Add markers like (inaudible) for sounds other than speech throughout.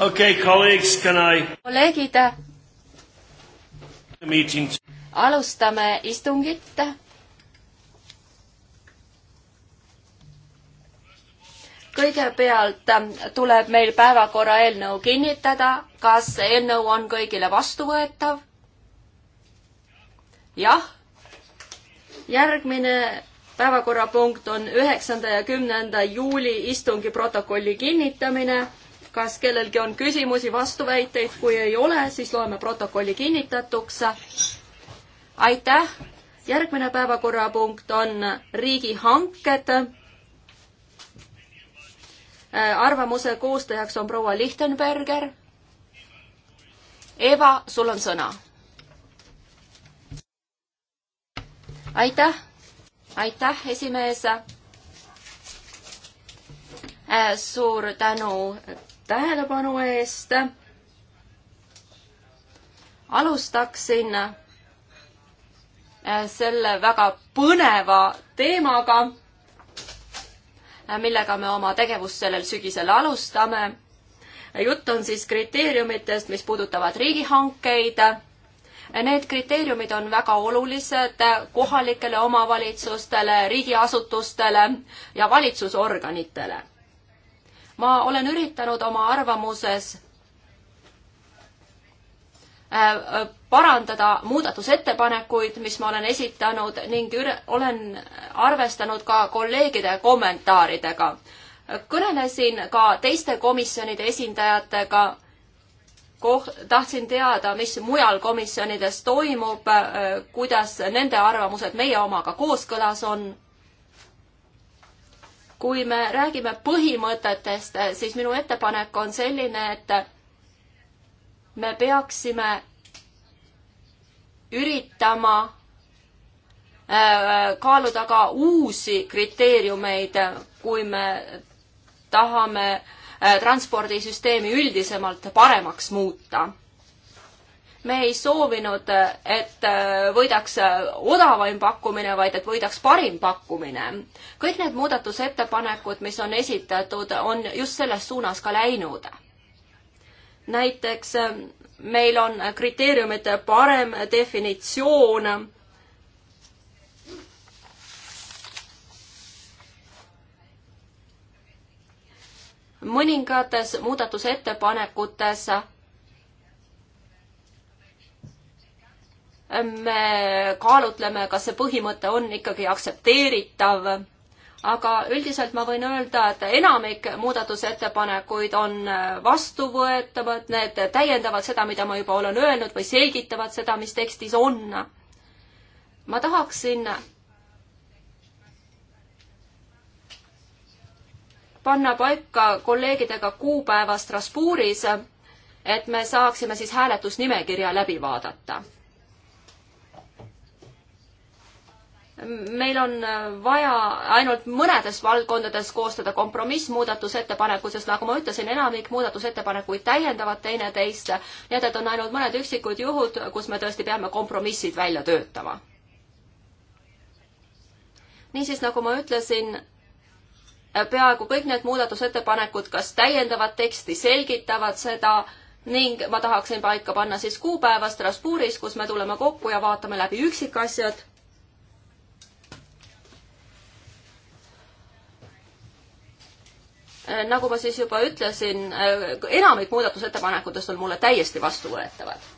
okay, colleagues, can I... kolleegid, alustame istungit. kõigepealt tuleb meil päevakorra eelnõu kinnitada, kas eelnõu on kõigile vastuvõetav? jah. järgmine päevakorrapunkt on üheksanda ja kümnenda juuli istungi protokolli kinnitamine kas kellelgi on küsimusi, vastuväiteid, kui ei ole, siis loeme protokolli kinnitatuks. aitäh, järgmine päevakorrapunkt on riigihanked. Äh, arvamuse koostajaks on proua Lichtenberger. Eva, sul on sõna. aitäh, aitäh, esimees äh, suur tänu tähelepanu eest. alustaksin äh, selle väga põneva teemaga, äh, millega me oma tegevust sellel sügisel alustame. jutt on siis kriteeriumitest, mis puudutavad riigihankeid Need kriteeriumid on väga olulised kohalikele omavalitsustele, riigiasutustele ja valitsusorganitele ma olen üritanud oma arvamuses äh, parandada muudatusettepanekuid, mis ma olen esitanud ning üle, olen arvestanud ka kolleegide kommentaaridega. kõnelesin ka teiste komisjonide esindajatega, koht-, tahtsin teada, mis mujal komisjonides toimub, äh, kuidas nende arvamused meie omaga kooskõlas on kui me räägime põhimõtetest, siis minu ettepanek on selline, et me peaksime üritama äh, kaaluda ka uusi kriteeriumeid, kui me tahame äh, transpordisüsteemi üldisemalt paremaks muuta me ei soovinud, et äh, võidaks äh, odavaim pakkumine, vaid et võidaks parim pakkumine. kõik need muudatusettepanekud, mis on esitatud, on just selles suunas ka läinud. näiteks äh, meil on kriteeriumite parem definitsioon. mõningates muudatusettepanekutes me kaalutleme, kas see põhimõte on ikkagi aktsepteeritav. aga üldiselt ma võin öelda, et enamik muudatusettepanekuid on vastuvõetavad, need täiendavad seda, mida ma juba olen öelnud või selgitavad seda, mis tekstis on. ma tahaksin panna paika kolleegidega kuupäeva Strasbourgis, et me saaksime siis hääletusnimekirja läbi vaadata meil on vaja ainult mõnedes valdkondades koostada kompromissmuudatusettepanekud, sest nagu ma ütlesin, enamik muudatusettepanekuid täiendavad teineteist, nii et, et on ainult mõned üksikud juhud, kus me tõesti peame kompromissid välja töötama. niisiis, nagu ma ütlesin, peaaegu kõik need muudatusettepanekud kas täiendavad teksti, selgitavad seda ning ma tahaksin paika panna siis kuupäeva Strasbourgis, kus me tuleme kokku ja vaatame läbi üksikasjad Äh, nagu ma siis juba ütlesin, äh, enamik muudatusettepanekutest on mulle täiesti vastuvõetavad.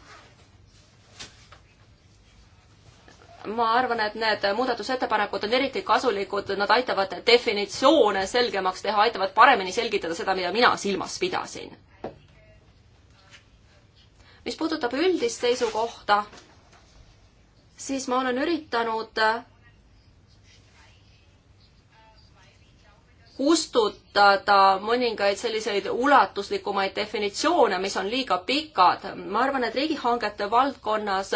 ma arvan, et need muudatusettepanekud on eriti kasulikud, nad aitavad definitsioone selgemaks teha, aitavad paremini selgitada seda, mida mina silmas pidasin. mis puudutab üldist seisukohta, siis ma olen üritanud kustutada mõningaid selliseid ulatuslikumaid definitsioone, mis on liiga pikad. ma arvan, et riigihangete valdkonnas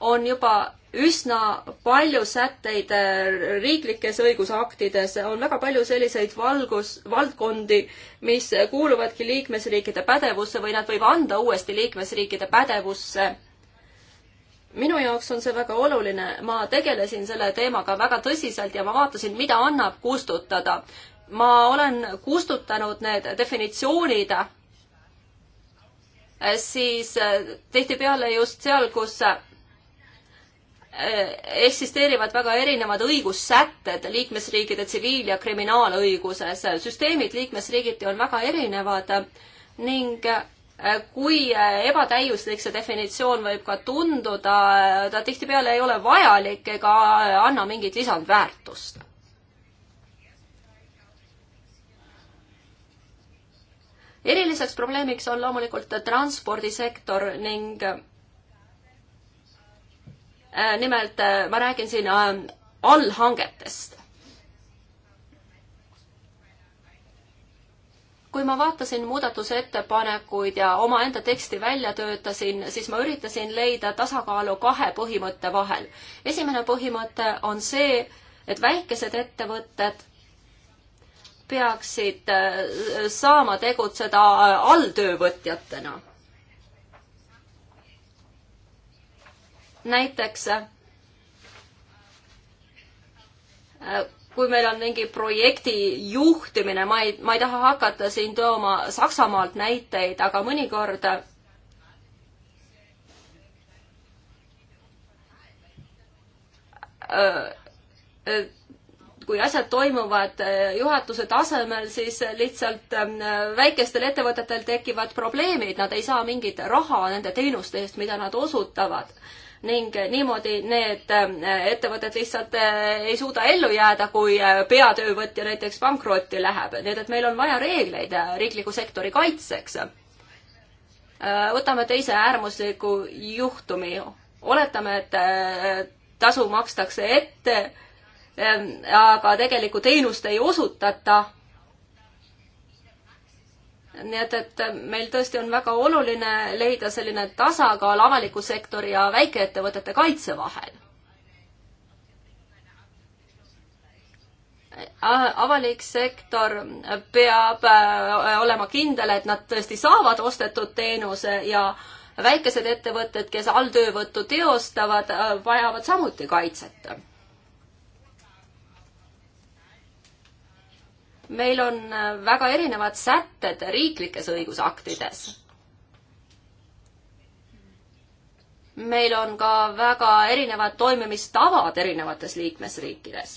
on juba üsna palju sätteid äh, riiklikes õigusaktides, on väga palju selliseid valgus, valdkondi, mis kuuluvadki liikmesriikide pädevusse või nad võib anda uuesti liikmesriikide pädevusse. minu jaoks on see väga oluline, ma tegelesin selle teemaga väga tõsiselt ja ma vaatasin, mida annab kustutada ma olen kustutanud need definitsioonid, siis tihtipeale just seal, kus eh, eksisteerivad väga erinevad õigussätted liikmesriikide tsiviil- ja kriminaalõiguses. süsteemid liikmesriigiti on väga erinevad ning eh, kui eh, ebatäiuslik see definitsioon võib ka tunduda, ta tihtipeale ei ole vajalik ega anna mingit lisandväärtust eriliseks probleemiks on loomulikult transpordisektor ning äh, nimelt äh, ma räägin siin äh, allhangetest. kui ma vaatasin muudatusettepanekuid ja omaenda teksti välja töötasin, siis ma üritasin leida tasakaalu kahe põhimõtte vahel. esimene põhimõte on see, et väikesed ettevõtted peaksid äh, saama tegutseda äh, alltöövõtjatena. näiteks äh, kui meil on mingi projekti juhtimine, ma ei, ma ei taha hakata siin tooma Saksamaalt näiteid, aga mõnikord öö, öö, kui asjad toimuvad äh, juhatuse tasemel, siis lihtsalt ähm, väikestel ettevõtetel tekivad probleemid, nad ei saa mingit raha nende teenuste eest, mida nad osutavad. ning äh, niimoodi need ähm, ettevõtted lihtsalt äh, ei suuda ellu jääda, kui peatöövõtja näiteks pankrotti läheb, nii et, et meil on vaja reegleid riikliku sektori kaitseks. võtame teise äärmusliku juhtumi, oletame, et tasu makstakse ette Ehm, aga tegelikku teenust ei osutata. nii et, et meil tõesti on väga oluline leida selline tasakaal avaliku sektori ja väikeettevõtete kaitse vahel. avalik sektor peab äh, olema kindel, et nad tõesti saavad ostetud teenuse ja väikesed ettevõtted, kes alltöövõttu teostavad, äh, vajavad samuti kaitset meil on äh, väga erinevad sätted riiklikes õigusaktides. meil on ka väga erinevad toimimistavad erinevates liikmesriikides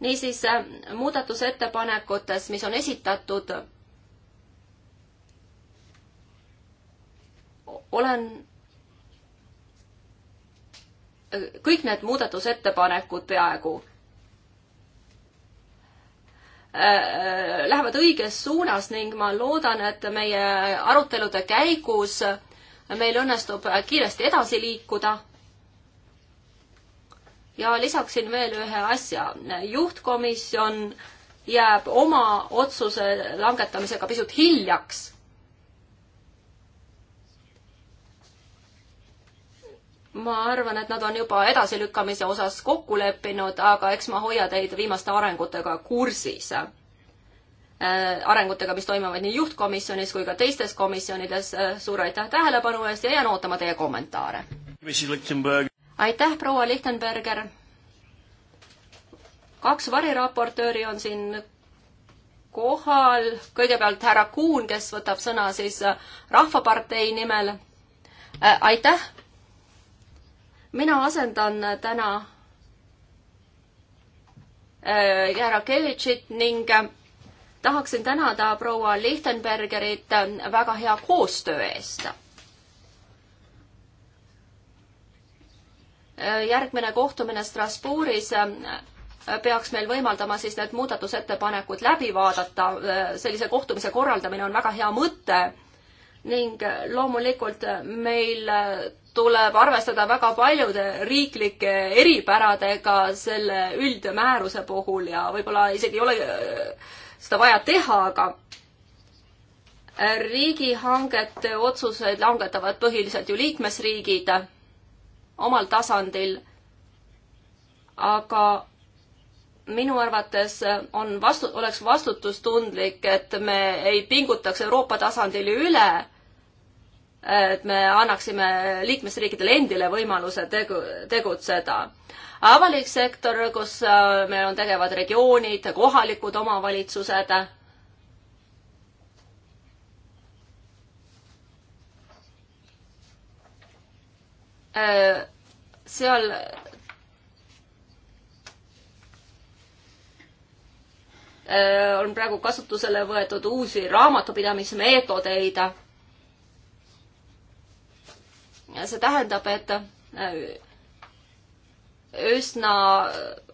niisiis äh, muudatusettepanekutes, mis on esitatud, olen kõik need muudatusettepanekud peaaegu äh, äh, lähevad õiges suunas ning ma loodan, et meie arutelude käigus meil õnnestub kiiresti edasi liikuda. ja lisaksin veel ühe asja. juhtkomisjon jääb oma otsuse langetamisega pisut hiljaks ma arvan, et nad on juba edasilükkamise osas kokku leppinud, aga eks ma hoia teid viimaste arengutega kursis äh,. arengutega, mis toimuvad nii juhtkomisjonis kui ka teistes komisjonides. Äh, suur aitäh tähelepanu eest ja jään ootama teie kommentaare. aitäh, proua Lichtenberger. kaks variraportööri on siin kohal. kõigepealt härra Kuhn, kes võtab sõna siis Rahvapartei nimel äh,. aitäh mina asendan äh, täna äh, härra Kevitšit ning äh, tahaksin tänada proua Lichtenbergerit väga hea koostöö eest järgmine kohtumine Strasbourgis peaks meil võimaldama siis need muudatusettepanekud läbi vaadata. sellise kohtumise korraldamine on väga hea mõte ning loomulikult meil tuleb arvestada väga paljude riiklike eripäradega selle üldmääruse puhul ja võib-olla isegi ei ole äh, seda vaja teha, aga riigihangete otsuseid langetavad põhiliselt ju liikmesriigid omal tasandil. aga minu arvates on vastu, oleks vastutustundlik, et me ei pingutaks Euroopa tasandil üle et me annaksime liikmesriikidele endile võimaluse tegu, tegutseda. avalik sektor, kus äh, meil on tegevad regioonid, kohalikud omavalitsused, äh, seal äh, on praegu kasutusele võetud uusi raamatupidamismeetodeid see tähendab, et äh, üsna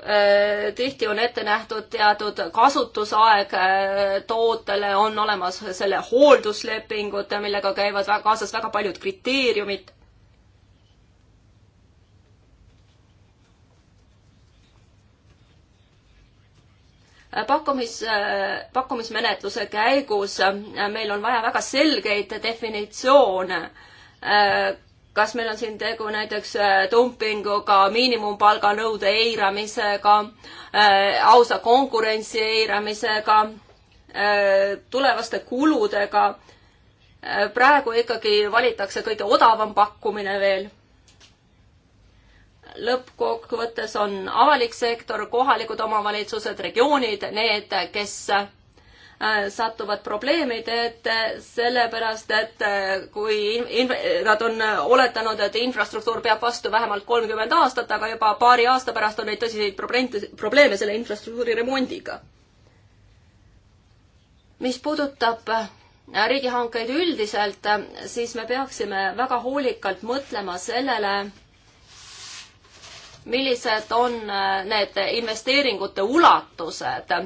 äh, tihti on ette nähtud teatud kasutusaeg äh, tootele, on olemas selle hoolduslepingud, millega käivad kaasas väga paljud kriteeriumid. pakkumis, pakkumismenetluse käigus meil on vaja väga selgeid definitsioone kas meil on siin tegu näiteks äh, dumpinguga, miinimumpalga nõude eiramisega, äh, ausa konkurentsi eiramisega, äh, tulevaste kuludega. praegu ikkagi valitakse kõige odavam pakkumine veel. lõppkokkuvõttes on avalik sektor, kohalikud omavalitsused, regioonid need, kes Äh, satuvad probleemid, et äh, sellepärast, et äh, kui inv-, nad on oletanud, et infrastruktuur peab vastu vähemalt kolmkümmend aastat, aga juba paari aasta pärast on neid tõsiseid probleeme, probleeme selle infrastruktuuri remondiga. mis puudutab riigihankeid üldiselt, siis me peaksime väga hoolikalt mõtlema sellele, millised on need investeeringute ulatused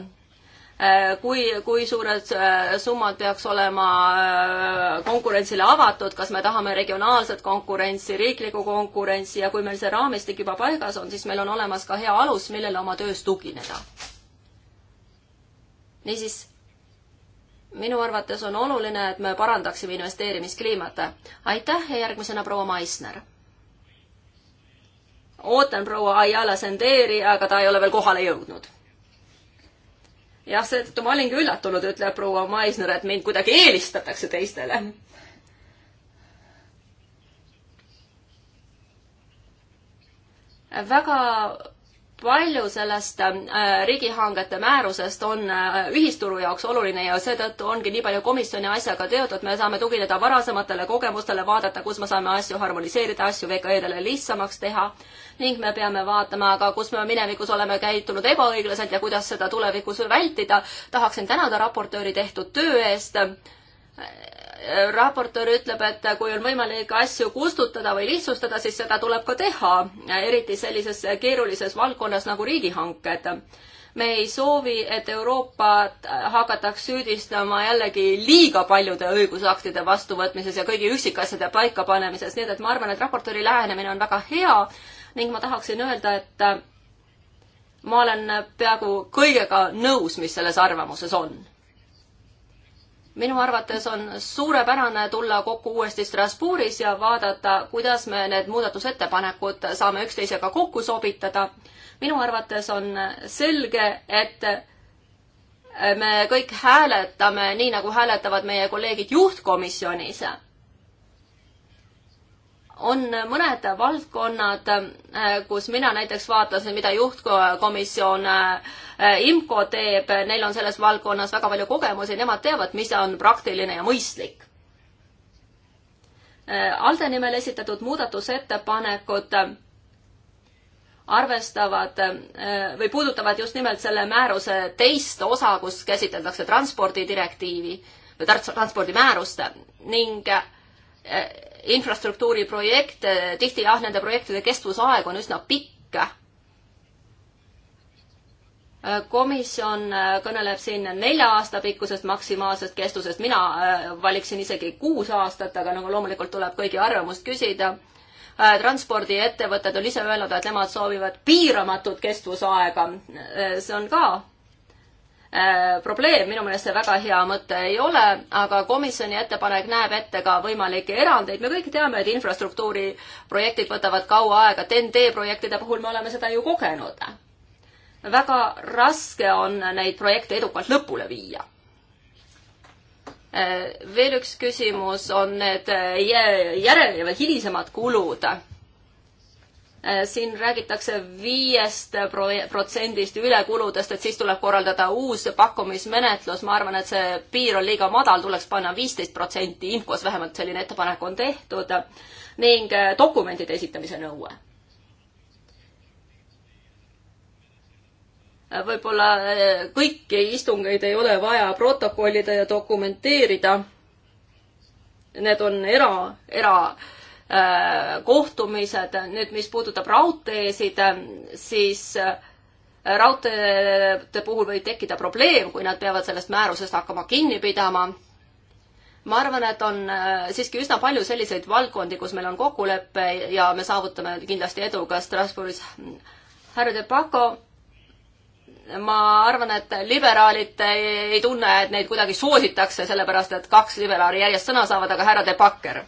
Äh, kui, kui suured äh, summad peaks olema äh, konkurentsile avatud, kas me tahame regionaalset konkurentsi, riiklikku konkurentsi ja kui meil see raamistik juba paigas on, siis meil on olemas ka hea alus, millele oma töös tugineda. niisiis minu arvates on oluline, et me parandaksime investeerimiskliimat. aitäh ja järgmisena proua Maisner. ootan proua Ayala Senderi, aga ta ei ole veel kohale jõudnud jah, seetõttu ma olingi üllatunud, ütleb proua Maisner, et mind kuidagi eelistatakse teistele. Mm. väga palju sellest äh, riigihangete määrusest on äh, ühisturu jaoks oluline ja seetõttu ongi nii palju komisjoni asjaga teotud, me saame tugineda varasematele kogemustele, vaadata, kus me saame asju harmoniseerida, asju VKE-dele lihtsamaks teha ning me peame vaatama ka, kus me minevikus oleme käitunud ebaõiglaselt ja kuidas seda tulevikus vältida. tahaksin tänada raportööri tehtud töö eest raportöör ütleb, et kui on võimalik asju kustutada või lihtsustada, siis seda tuleb ka teha, eriti sellises keerulises valdkonnas nagu riigihanked. me ei soovi, et Euroopat hakataks süüdistama jällegi liiga paljude õigusaktide vastuvõtmises ja kõigi üksikasjade paikapanemises, nii et, et ma arvan, et raportööri lähenemine on väga hea ning ma tahaksin öelda, et äh, ma olen peaaegu kõigega nõus, mis selles arvamuses on. minu arvates on suurepärane tulla kokku uuesti Strasbourgis ja vaadata, kuidas me need muudatusettepanekud saame üksteisega kokku sobitada. minu arvates on selge, et äh, me kõik hääletame nii, nagu hääletavad meie kolleegid juhtkomisjonis on mõned valdkonnad, äh, kus mina näiteks vaatasin, mida juhtkomisjon äh, IMCO teeb, neil on selles valdkonnas väga palju kogemusi, nemad teavad, mis on praktiline ja mõistlik. Äh, ALDE nimel esitatud muudatusettepanekud arvestavad või puudutavad just nimelt selle määruse teist osa, kus käsitletakse transpordidirektiivi või transpordimäärust ning infrastruktuuriprojekte, tihti jah, nende projektide kestvusaeg on üsna pikk. komisjon äh, kõneleb siin nelja aasta pikkusest maksimaalsest kestusest, mina äh, valiksin isegi kuus aastat, aga nagu loomulikult tuleb kõigi arvamust küsida äh, transpordiettevõtted on ise öelnud, et nemad soovivad piiramatut kestvusaega. see on ka Äh, probleem, minu meelest see väga hea mõte ei ole, aga komisjoni ettepanek näeb ette ka võimalikke erandeid, me kõik teame, et infrastruktuuriprojektid võtavad kaua aega, TEN-T projektide puhul me oleme seda ju kogenud. väga raske on neid projekte edukalt lõpule viia äh, veel üks küsimus on need järel- või hilisemad kulud Äh, siin räägitakse viiest protsendist ülekuludest, et siis tuleb korraldada uus pakkumismenetlus, ma arvan, et see piir on liiga madal, tuleks panna viisteist protsenti, IMCO-s vähemalt selline ettepanek on tehtud, ning äh, dokumentide esitamise nõue. Äh, võib-olla kõiki istungeid ei ole vaja protokollida ja dokumenteerida. Need on era, era äh, Äh, kohtumised. nüüd, mis puudutab raudteesid, äh, siis äh, raudteede puhul võib tekkida probleem, kui nad peavad sellest määrusest hakkama kinni pidama. ma arvan, et on siiski üsna palju selliseid valdkondi, kus meil on kokkulepe ja me saavutame kindlasti edu ka Strasbourgis. härra De Paco ma arvan, et liberaalid ei tunne, et neid kuidagi soositakse, sellepärast et kaks liberaali järjest sõna saavad, aga härra De Backer.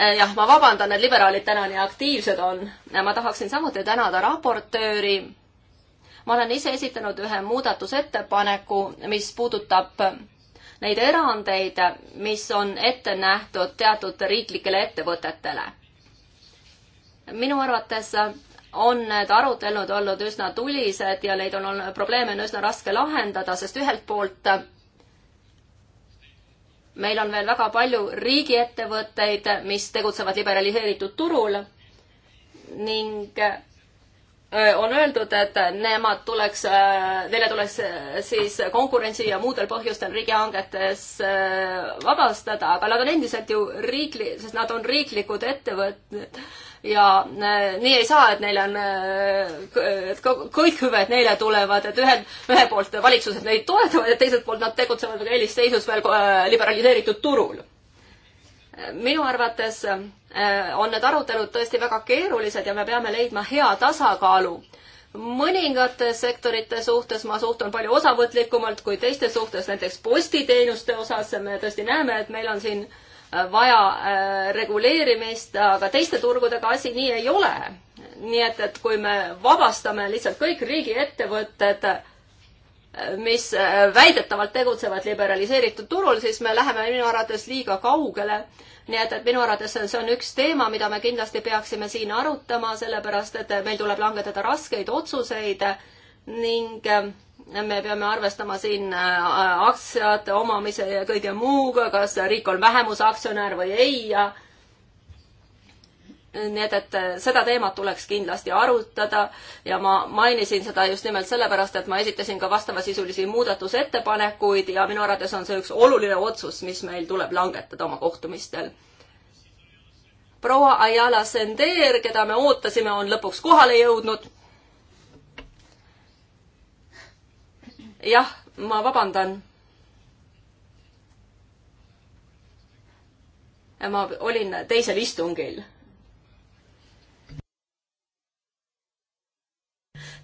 Äh, jah, ma vabandan, et liberaalid täna nii aktiivsed on. ma tahaksin samuti tänada raportööri. ma olen ise esitanud ühe muudatusettepaneku, mis puudutab neid erandeid, mis on ette nähtud teatud riiklikele ettevõtetele. minu arvates on need arutelud olnud üsna tulised ja neid on olnud, probleeme on üsna raske lahendada, sest ühelt poolt meil on veel väga palju riigiettevõtteid, mis tegutsevad liberaliseeritud turul ning on öeldud, et nemad tuleks, neile tuleks siis konkurentsi ja muudel põhjustel riigihangetes vabastada, aga nad on endiselt ju riikli-, sest nad on riiklikud ettevõtted ja äh, nii ei saa, et neil on, äh, et kõik hüved neile tulevad, et ühed, ühe poolt valitsused neid toetavad ja teiselt poolt nad tegutsevad väga eelisseisus veel äh, liberaliseeritud turul. minu arvates on need arutelud tõesti väga keerulised ja me peame leidma hea tasakaalu mõningate sektorite suhtes ma suhtun palju osavõtlikumalt kui teiste suhtes, näiteks postiteenuste osas me tõesti näeme, et meil on siin äh, vaja äh, reguleerimist, aga teiste turgudega asi nii ei ole. nii et, et kui me vabastame lihtsalt kõik riigiettevõtted, äh, mis äh, väidetavalt tegutsevad liberaliseeritud turul, siis me läheme minu arvates liiga kaugele. nii et, et minu arvates see on üks teema, mida me kindlasti peaksime siin arutama, sellepärast et meil tuleb langetada raskeid otsuseid ning äh, me peame arvestama siin äh, aktsiate omamise ja kõige muuga, kas riik on vähemusaktsionär või ei ja nii et, et seda teemat tuleks kindlasti arutada ja ma mainisin seda just nimelt sellepärast, et ma esitasin ka vastavasisulisi muudatusettepanekuid ja minu arvates on see üks oluline otsus, mis meil tuleb langetada oma kohtumistel. proua Ayala Sender, keda me ootasime, on lõpuks kohale jõudnud jah, ma vabandan. ma olin teisel istungil.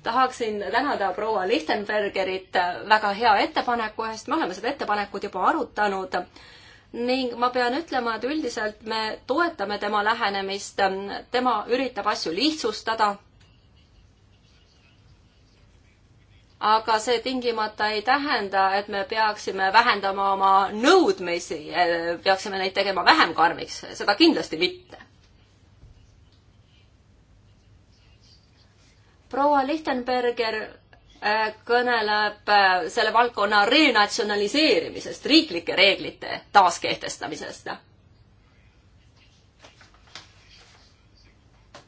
tahaksin tänada proua Lichtenbergerit väga hea ettepaneku eest, me oleme seda ettepanekut juba arutanud ning ma pean ütlema, et üldiselt me toetame tema lähenemist, tema üritab asju lihtsustada aga see tingimata ei tähenda, et me peaksime vähendama oma nõudmisi, peaksime neid tegema vähem karmiks, seda kindlasti mitte. proua Lichtenberger äh, kõneleb äh, selle valdkonna renatsionaliseerimisest, riiklike reeglite taaskehtestamisest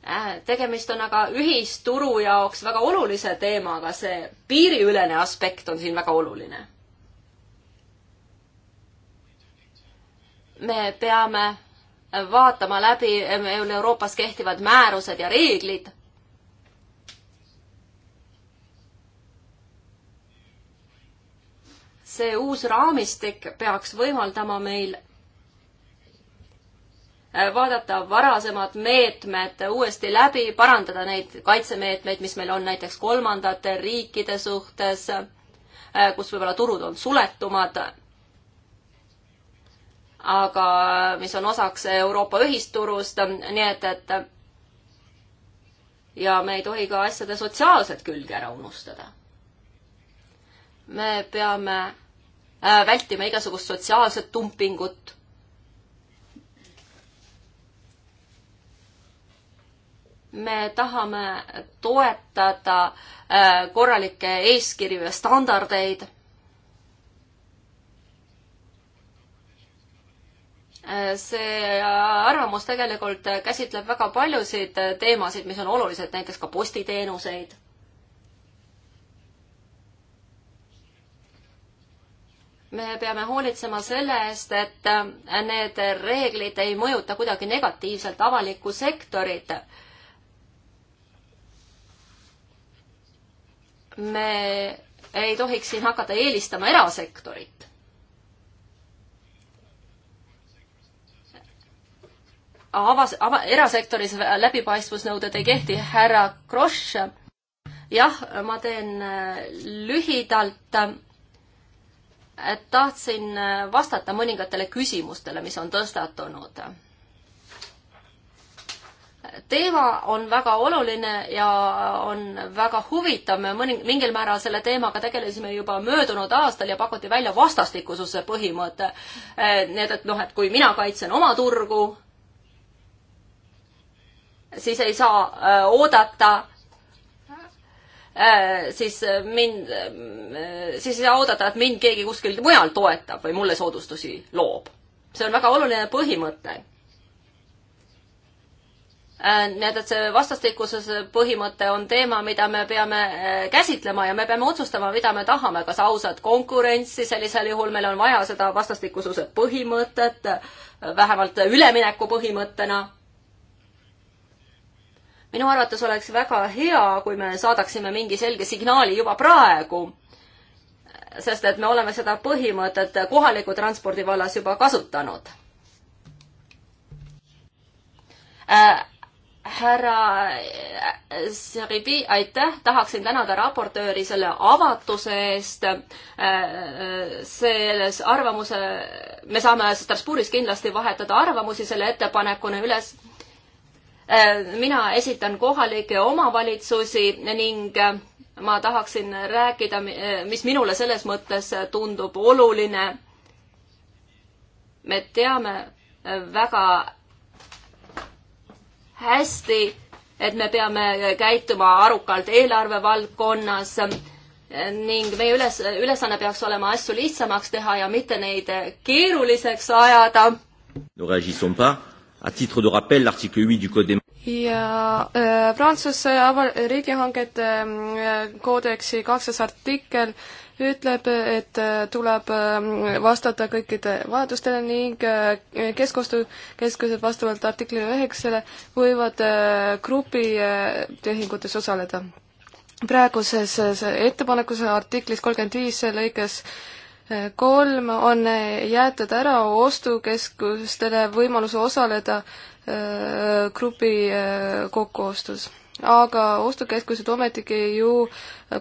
Äh, tegemist on aga ühisturu jaoks väga olulise teemaga, see piiriülene aspekt on siin väga oluline. me peame vaatama läbi meil Euroopas kehtivad määrused ja reeglid. see uus raamistik peaks võimaldama meil Äh, vaadata varasemad meetmed uuesti läbi, parandada neid kaitsemeetmeid, mis meil on näiteks kolmandate riikide suhtes, äh, kus võib-olla turud on suletumad, aga äh, mis on osaks Euroopa ühisturust, nii et, et ja me ei tohi ka asjade sotsiaalset külge ära unustada. me peame vältima igasugust sotsiaalset dumpingut me tahame toetada äh, korralikke eeskirju ja standardeid. Äh, see äh, arvamus tegelikult käsitleb väga paljusid teemasid, mis on olulised, näiteks ka postiteenuseid me peame hoolitsema selle eest, et need reeglid ei mõjuta kuidagi negatiivselt avalikku sektorit. me ei tohiks siin hakata eelistama erasektorit. avas, ava-, erasektoris läbipaistvusnõuded ei kehti, härra Kross. jah, ma teen äh, lühidalt. tahtsin äh, vastata mõningatele küsimustele, mis on tõstatunud teema on väga oluline ja on väga huvitav, me mõning-, mingil määral selle teemaga tegelesime juba möödunud aastal ja pakuti välja vastastikususe põhimõte. Eh, nii et, et noh, et kui mina kaitsen oma turgu, siis ei saa eh, oodata eh, siis mind, siis ei saa oodata, et mind keegi kuskil mujal toetab või mulle soodustusi loob. see on väga oluline põhimõte Äh, nii et, et see vastastikuse põhimõte on teema, mida me peame äh, käsitlema ja me peame otsustama, mida me tahame, kas ausat konkurentsi, sellisel juhul meil on vaja seda vastastikususe põhimõtet, äh, vähemalt ülemineku põhimõttena. minu arvates oleks väga hea, kui me saadaksime mingi selge signaali juba praegu, sest et me oleme seda põhimõtet kohaliku transpordi vallas juba kasutanud äh, härra äh, Seribi, aitäh, tahaksin tänada raportööri selle avatuse eest. Äh, äh, selles arvamuse, me saame Strasbourgis kindlasti vahetada arvamusi selle ettepanekuna üles. mina esitan kohalikke omavalitsusi ning ma tahaksin rääkida, mis minule selles mõttes tundub oluline. me teame väga hästi, et me peame käituma arukalt eelarve valdkonnas ning meie üles, ülesanne peaks olema asju lihtsamaks teha ja mitte neid keeruliseks ajada. No réagissons pas. À titre de rappel, l'article 8 du Code des ja äh, Prantsuse aval-, riigihangete äh, koodeksi kaheksas artikkel äh, ütleb, et äh, tuleb ähm, vastata kõikide vajadustele ning äh, keskkonnakeskused vastavalt artiklile üheksale võivad äh, grupitehingutes osaleda. praeguses ettepanekus artiklis kolmkümmend viis lõikes kolm on jäetud ära ostukeskustele võimaluse osaleda grupi kokkuostus aga ostukeskused ometigi ju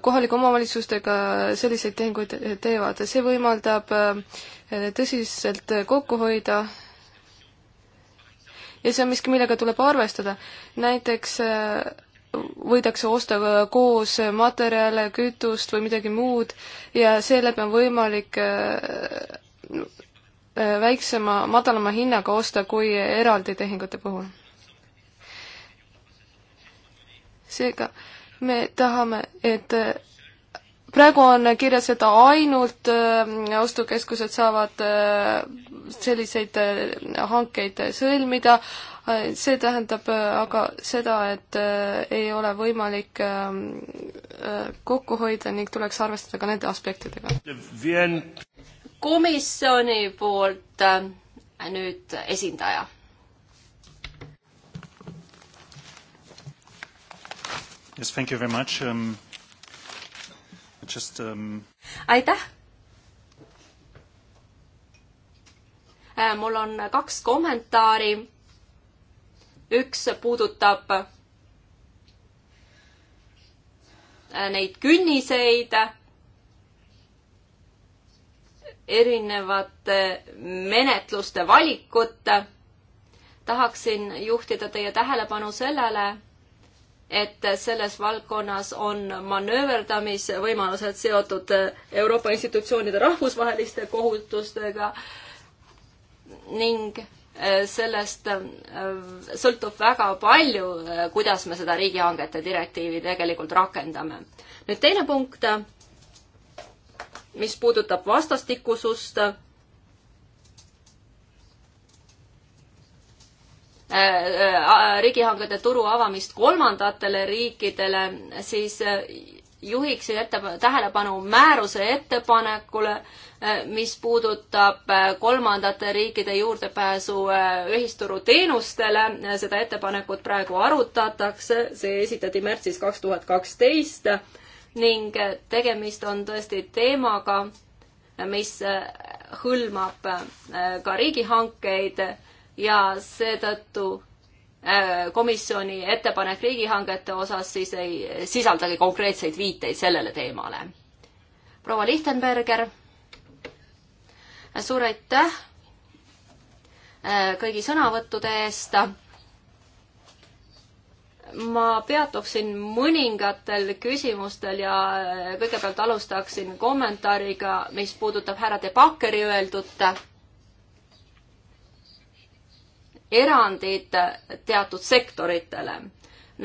kohalike omavalitsustega selliseid tehinguid teevad. see võimaldab äh, tõsiselt kokku hoida ja see on miski, millega tuleb arvestada. näiteks äh, võidakse osta koos materjale, kütust või midagi muud ja seeläbi on võimalik äh, väiksema, madalama hinnaga osta kui eraldi tehingute puhul seega me tahame, et äh, praegu on kirjas, et ainult äh, ostukeskused saavad äh, selliseid hankeid sõlmida, see tähendab aga seda, et ei ole võimalik ähm, kokku hoida ning tuleks arvestada ka nende aspektidega. komisjoni poolt nüüd esindaja Yes, thank you very much um,. Just um.... aitäh. Äh, mul on kaks kommentaari. üks puudutab äh, neid künniseid erinevate menetluste valikut, tahaksin juhtida teie tähelepanu sellele, et selles valdkonnas on manööverdamisvõimalused seotud Euroopa institutsioonide rahvusvaheliste kohutustega ning äh, sellest äh, sõltub väga palju, äh, kuidas me seda riigihangete direktiivi tegelikult rakendame. nüüd teine punkt, mis puudutab vastastikusust Äh, äh, riigihangete turu avamist kolmandatele riikidele, siis äh, juhiksin ette, tähelepanu määruse ettepanekule, mis puudutab kolmandate riikide juurdepääsu ühisturu teenustele. seda ettepanekut praegu arutatakse, see esitati märtsis kaks tuhat kaksteist ning tegemist on tõesti teemaga, mis hõlmab ka riigihankeid ja seetõttu äh, komisjoni ettepanek riigihangete osas siis ei sisaldagi konkreetseid viiteid sellele teemale. proua Lichtenberger, suur aitäh äh, kõigi sõnavõttude eest. ma peatuksin mõningatel küsimustel ja äh, kõigepealt alustaksin kommentaariga, mis puudutab härra De Bakkeri öeldut erandid teatud sektoritele,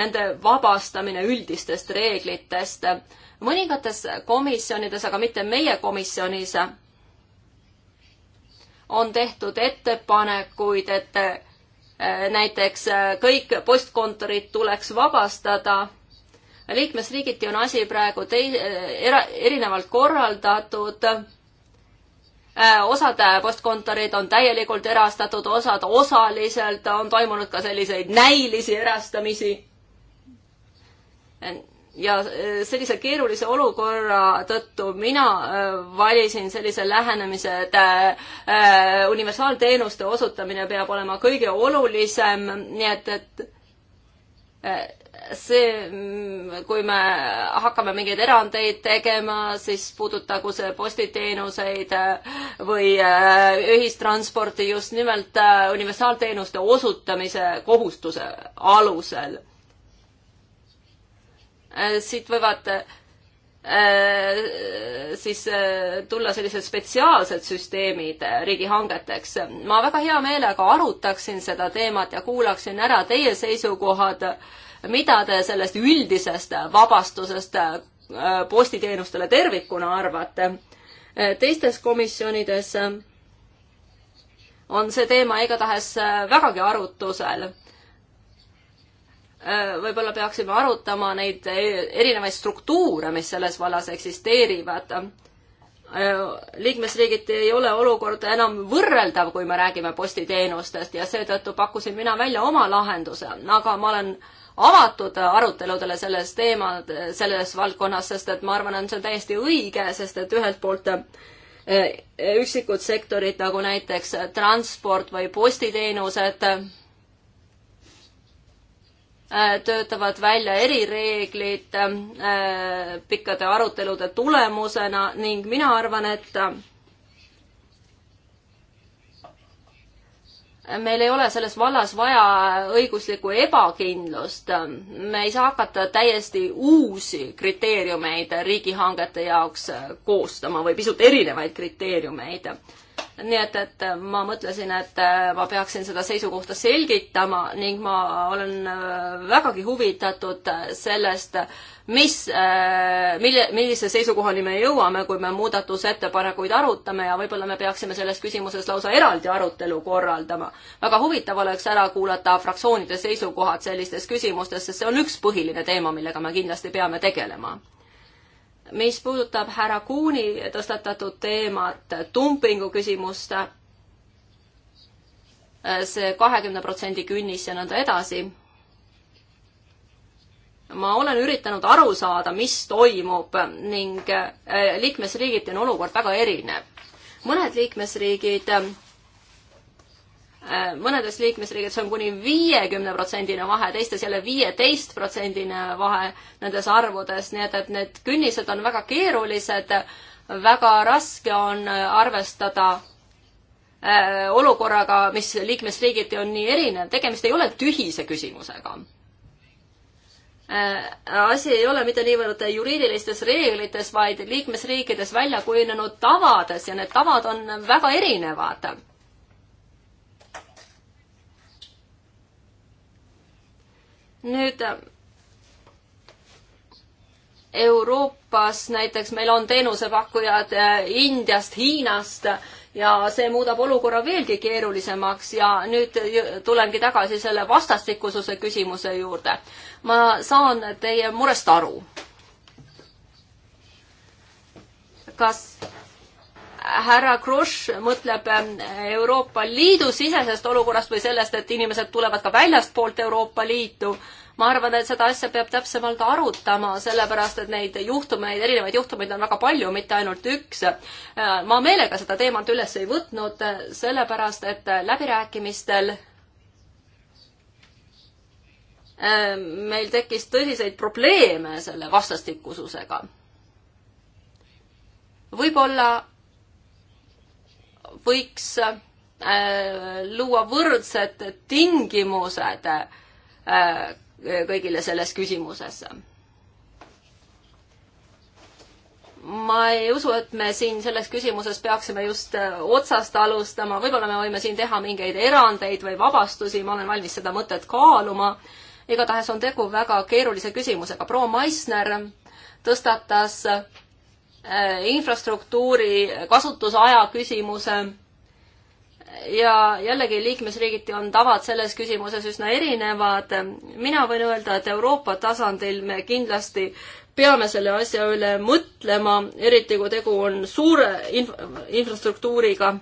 nende vabastamine üldistest reeglitest. mõningates komisjonides, aga mitte meie komisjonis, on tehtud ettepanekuid, et eh, näiteks eh, kõik postkontorid tuleks vabastada liikmesriigiti on asi praegu tei-, eh, era-, erinevalt korraldatud Äh, osad äh, postkontorid on täielikult erastatud, osad osaliselt, on toimunud ka selliseid näilisi erastamisi. ja äh, sellise keerulise olukorra tõttu mina valisin sellise lähenemise, et universaalteenuste osutamine peab olema kõige olulisem, nii et, et see, mm, kui me hakkame mingeid erandeid tegema, siis puudutagu see postiteenuseid äh, või äh, ühistransporti just nimelt äh, universaalteenuste osutamise kohustuse alusel. siit võivad siis tulla sellised spetsiaalsed süsteemid riigihangeteks. ma väga hea meelega arutaksin seda teemat ja kuulaksin ära teie seisukohad äh, mida te sellest üldisest vabastusest äh, postiteenustele tervikuna arvate? Äh, teistes komisjonides äh, on see teema igatahes vägagi arutusel võib-olla peaksime arutama neid e, erinevaid struktuure, mis selles vallas eksisteerivad. liikmesriigiti ei ole olukord enam võrreldav, kui me räägime postiteenustest ja seetõttu pakkusin mina välja oma lahenduse, aga ma olen äh, avatud aruteludele selles teema, selles valdkonnas, sest et ma arvan, on see täiesti õige, sest et ühelt poolt eh, üksikud sektorid nagu näiteks transport või postiteenused eh, töötavad välja erireeglid eh, pikkade arutelude tulemusena ning mina arvan, et meil ei ole selles vallas vaja õiguslikku ebakindlust. me ei saa hakata täiesti uusi kriteeriumeid riigihangete jaoks koostama või pisut erinevaid kriteeriumeid nii et, et ma mõtlesin, et äh, ma peaksin seda seisukohta selgitama ning ma olen äh, vägagi huvitatud sellest, mis, äh, mille, millise seisukohani me jõuame, kui me muudatusettepanekuid arutame ja võib-olla me peaksime selles küsimuses lausa eraldi arutelu korraldama. väga huvitav oleks ära kuulata fraktsioonide seisukohad sellistes küsimustes, sest see on üks põhiline teema, millega me kindlasti peame tegelema mis puudutab härra Kuuni tõstatatud teemat, dumpingu küsimust, see kahekümne protsendi künnis ja nõnda edasi. ma olen üritanud aru saada, mis toimub ning eh, liikmesriigiti on olukord väga erinev. mõned liikmesriigid Äh, mõnedes liikmesriigides on kuni viiekümne protsendine vahe, teistes jälle viieteist protsendine vahe nendes arvudes, nii et, et need künnised on väga keerulised, väga raske on arvestada äh, olukorraga, mis liikmesriigiti on nii erinev, tegemist ei ole tühise küsimusega. Äh, asi ei ole mitte niivõrd juriidilistes reeglites, vaid liikmesriikides välja kujunenud tavades ja need tavad on väga erinevad nüüd Euroopas näiteks meil on teenusepakkujad eh, Indiast, Hiinast ja see muudab olukorra veelgi keerulisemaks ja nüüd tulengi tagasi selle vastastikususe küsimuse juurde. ma saan teie murest aru. kas härra Kross mõtleb ähm, Euroopa Liidu sisesest olukorrast või sellest, et inimesed tulevad ka väljastpoolt Euroopa Liitu. ma arvan, et seda asja peab täpsemalt arutama, sellepärast et neid juhtumeid, erinevaid juhtumeid on väga palju, mitte ainult üks. Äh, ma meelega seda teemat üles ei võtnud, sellepärast et läbirääkimistel äh, meil tekkis tõsiseid probleeme selle vastastikususega võib-olla võiks äh, luua võrdsed tingimused äh, kõigile selles küsimuses. ma ei usu, et me siin selles küsimuses peaksime just äh, otsast alustama, võib-olla me võime siin teha mingeid erandeid või vabastusi, ma olen valmis seda mõtet kaaluma. igatahes on tegu väga keerulise küsimusega. proua Maisner tõstatas Äh, infrastruktuuri kasutusaja küsimuse ja jällegi liikmesriigiti on tavad selles küsimuses üsna erinevad. mina võin öelda, et Euroopa tasandil me kindlasti peame selle asja üle mõtlema, eriti kui tegu on suure inf infrastruktuuriga.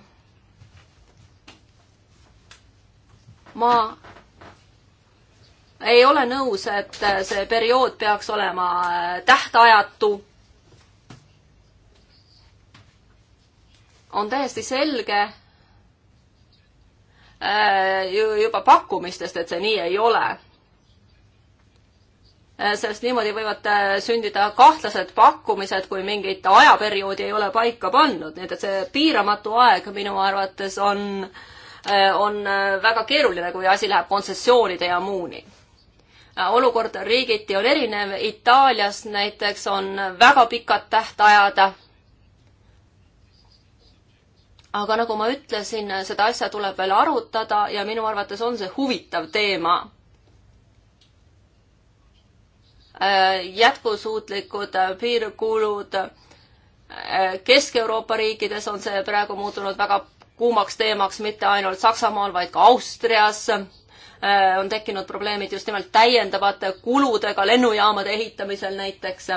ma ei ole nõus, et see periood peaks olema tähtajatu on täiesti selge äh, juba pakkumistest, et see nii ei ole. Äh, sest niimoodi võivad äh, sündida kahtlased pakkumised, kui mingit ajaperioodi ei ole paika pannud, nii et, et see piiramatu aeg minu arvates on, on väga keeruline, kui asi läheb kontsessioonide ja muuni olukord riigiti on erinev, Itaalias näiteks on väga pikad tähtajad aga nagu ma ütlesin, seda asja tuleb veel arutada ja minu arvates on see huvitav teema. Äh, jätkusuutlikud äh, piirkulud. Äh, Kesk-Euroopa riikides on see praegu muutunud väga kuumaks teemaks mitte ainult Saksamaal, vaid ka Austrias on tekkinud probleemid just nimelt täiendavate kuludega lennujaamade ehitamisel näiteks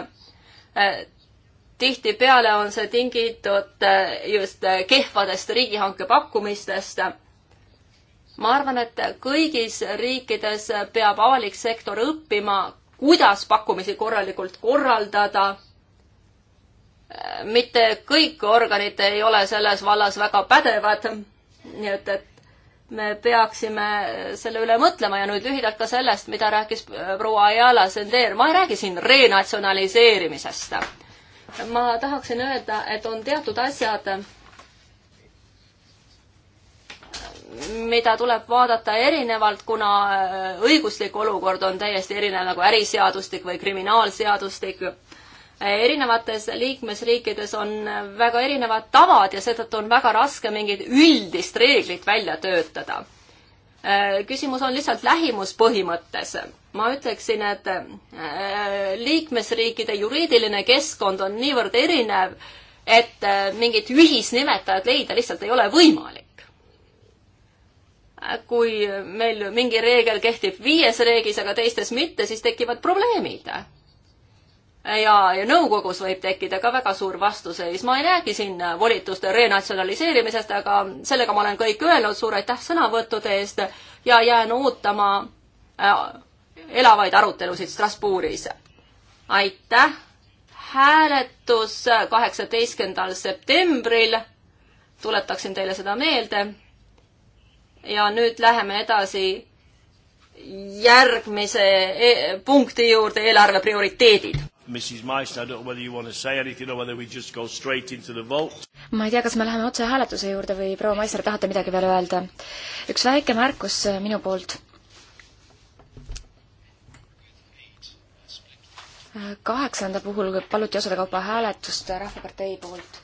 tihtipeale on see tingitud äh, just äh, kehvadest riigihanke pakkumistest. ma arvan, et kõigis riikides peab avalik sektor õppima, kuidas pakkumisi korralikult korraldada. Äh, mitte kõik organid ei ole selles vallas väga pädevad, nii et, et me peaksime selle üle mõtlema ja nüüd lühidalt ka sellest, mida rääkis proua Ayala Sender, ma ei räägi siin renatsionaliseerimisest ma tahaksin öelda, et on teatud asjad, mida tuleb vaadata erinevalt, kuna äh, õiguslik olukord on täiesti erinev nagu äriseadustik või kriminaalseadustik. erinevates liikmesriikides on väga erinevad tavad ja seetõttu on väga raske mingit üldist reeglit välja töötada Äh, küsimus on lihtsalt lähimuspõhimõttes. ma ütleksin, et äh, liikmesriikide juriidiline keskkond on niivõrd erinev, et äh, mingit ühisnimetajat leida lihtsalt ei ole võimalik. kui meil mingi reegel kehtib viies reegis, aga teistes mitte, siis tekivad probleemid ja, ja nõukogus võib tekkida ka väga suur vastuseis. ma ei räägi siin volituste renatsionaliseerimisest, aga sellega ma olen kõik öelnud, suur aitäh sõnavõttude eest ja jään ootama äh, elavaid arutelusid Strasbourgis. aitäh! hääletus kaheksateistkümnendal septembril, tuletaksin teile seda meelde. ja nüüd läheme edasi järgmise e punkti juurde, eelarve prioriteedid Mrs Meissner, I don't know whether you want to say anything or whether we just go straight into the vote. ma ei tea, kas me läheme otse hääletuse juurde või proua Meissner, tahate midagi veel öelda? üks väike märkus äh, minu poolt. Äh, kaheksanda puhul paluti osade kaupa hääletust äh, Rahvapartei poolt.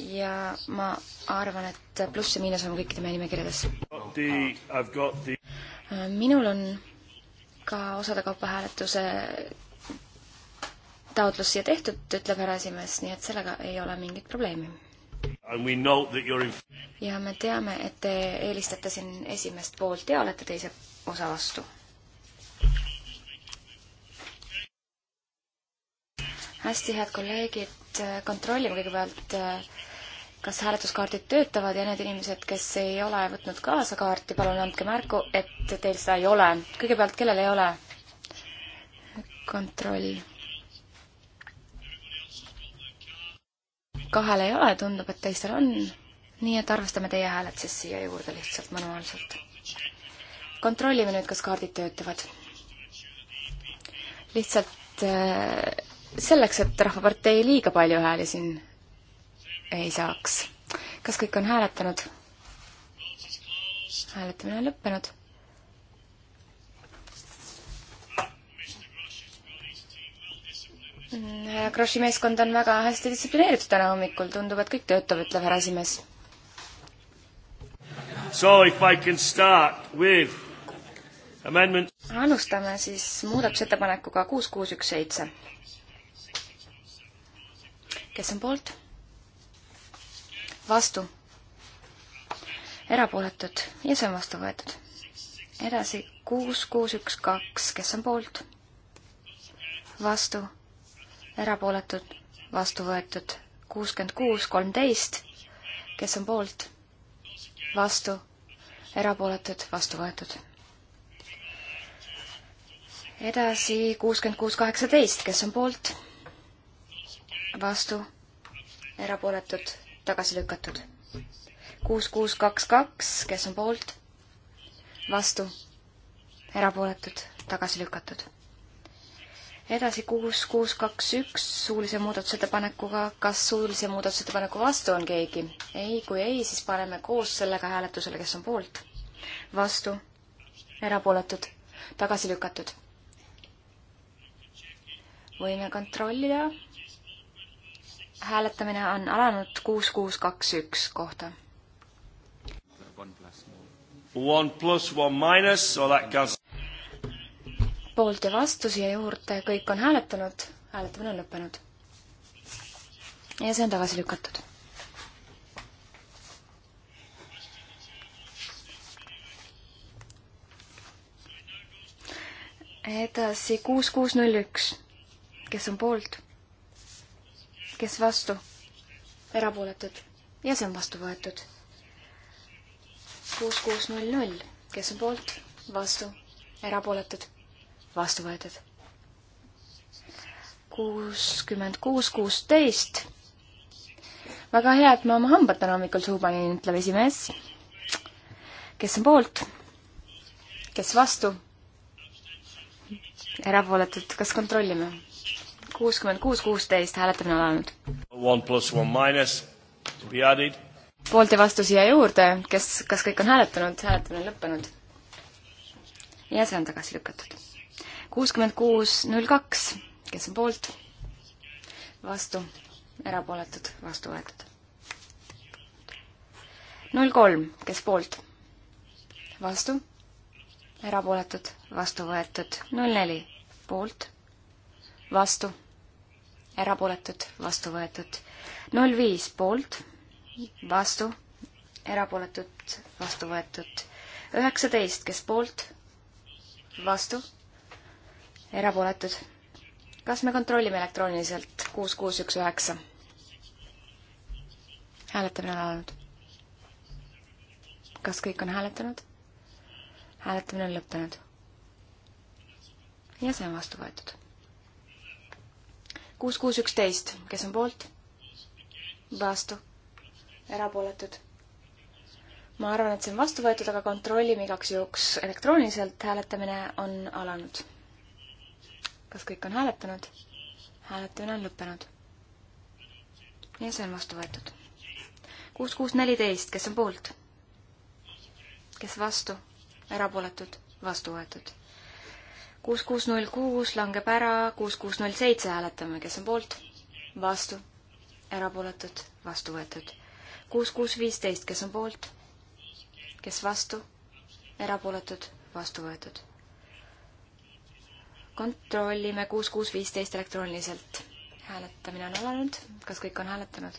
ja ma arvan, et pluss ja miinus on kõikide meie nimekirjades. The... minul on ka osade kaupa hääletuse taotlus siia tehtud, ütleb härra esimees, nii et sellega ei ole mingit probleemi. ja me teame, et te eelistate siin esimest poolt ja olete teise osa vastu. hästi, head kolleegid, kontrollime kõigepealt, kas hääletuskaardid töötavad ja need inimesed, kes ei ole võtnud kaasa kaarti, palun andke märku, et teil seda ei ole. kõigepealt, kellel ei ole? kontroll kahel ei ole, tundub, et teistel on. nii et arvestame teie hääled siis siia juurde lihtsalt manuaalselt. kontrollime nüüd, kas kaardid töötavad. lihtsalt äh, selleks, et Rahvapartei liiga palju hääli siin ei saaks. kas kõik on hääletanud? hääletamine on lõppenud Mm, Kroshi meeskond on väga hästi distsiplineeritud täna hommikul, tundub, et kõik töötab, ütleb härra esimees. So if I can start with amendment. alustame siis muudatusettepanekuga kuus, kuus, üks, seitse. kes on poolt? vastu? erapooletud ja see on vastu võetud. edasi kuus, kuus, üks, kaks, kes on poolt? vastu erapooletud, vastu võetud kuuskümmend kuus, kolmteist, kes on poolt, vastu, erapooletud, vastu võetud. edasi kuuskümmend kuus, kaheksateist, kes on poolt, vastu, erapooletud, tagasi lükatud. kuus, kuus, kaks, kaks, kes on poolt, vastu, erapooletud, tagasi lükatud edasi kuus, kuus, kaks, üks suulise muudatusettepanekuga. kas suulise muudatusettepaneku vastu on keegi? ei, kui ei, siis paneme koos sellega hääletusele, kes on poolt. vastu, erapooletud, tagasi lükatud. võime kontrollida. hääletamine on alanud kuus, kuus, kaks, üks kohta One plus one minus, so that counts poolt ja vastu siia juurde, kõik on hääletanud, hääletamine on lõppenud. ja see on tagasi lükatud. edasi kuus, kuus, null, üks. kes on poolt? kes vastu? erapooletud ja see on vastu võetud. kuus, kuus, null, null, kes on poolt, vastu, erapooletud vastu võetud. kuuskümmend kuus, kuusteist. väga hea, et ma oma hambad täna hommikul suhu panin, ütleb esimees. kes on poolt? kes vastu? erapooletud, kas kontrollime? kuuskümmend kuus, kuusteist, hääletamine on alanud. poolt ja vastu siia juurde, kes, kas kõik on hääletanud, hääletamine on lõppenud. ja see on tagasi lükatud kuuskümmend kuus, null kaks, kes on poolt, vastu, erapooletud, vastu võetud. null kolm, kes poolt, vastu, erapooletud, vastu võetud, null neli, poolt, vastu, erapooletud, vastu võetud, null viis, poolt, vastu, erapooletud, vastu võetud, üheksateist, kes poolt, vastu erapooletud. kas me kontrollime elektrooniliselt kuus, kuus, üks, üheksa? hääletamine on alanud. kas kõik on hääletanud? hääletamine on lõppenud. ja see on vastu võetud. kuus, kuus, üksteist, kes on poolt? vastu. erapooletud ma arvan, et see on vastu võetud, aga kontrollime igaks juhuks elektrooniliselt, hääletamine on alanud kas kõik on hääletanud? hääletamine on lõppenud. ja see on vastu võetud. kuus, kuus, neliteist, kes on poolt? kes vastu? erapooletud? vastu võetud. kuus, kuus, null, kuus langeb ära, kuus, kuus, null, seitse hääletame, kes on poolt? vastu? erapooletud? vastu võetud. kuus, kuus, viisteist, kes on poolt? kes vastu? erapooletud? vastu võetud kontrollime kuus, kuus, viisteist elektrooniliselt. hääletamine on alanud, kas kõik on hääletanud?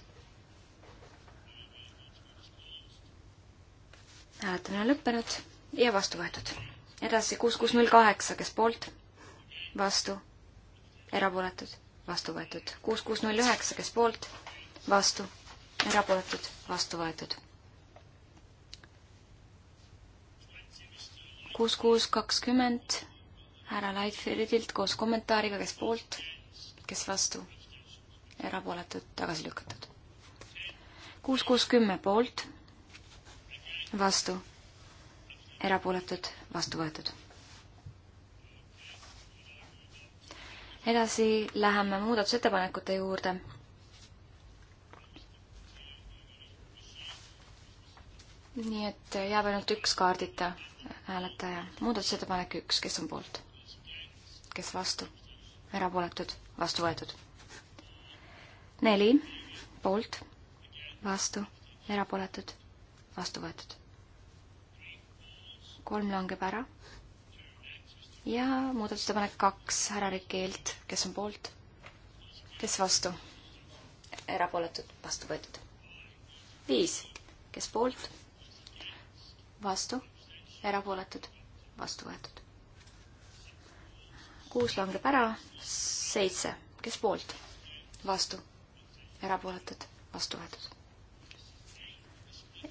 hääletamine on lõppenud ja vastu võetud. edasi kuus, kuus, null kaheksa, kes poolt? vastu. erapooletud, vastu võetud. kuus, kuus, null üheksa, kes poolt? vastu. erapooletud, vastu võetud. kuus, kuus, kakskümmend härra Lightfieldilt koos kommentaariga, kes poolt, kes vastu, erapooletud, tagasi lükatud. kuus, kuus, kümme poolt, vastu, erapooletud, vastu võetud. edasi läheme muudatusettepanekute juurde nii et jääb ainult üks kaardita hääletaja. muudatusettepanek üks, kes on poolt? kes vastu, erapooletud, vastu võetud. neli poolt, vastu, erapooletud, vastu võetud. kolm langeb ära. ja muudatusettepanek kaks härra Rikilt, kes on poolt, kes vastu, erapooletud, vastu võetud. viis, kes poolt, vastu, erapooletud, vastu võetud kuus langeb ära, seitse, kes poolt? vastu, erapooletud, vastu võetud.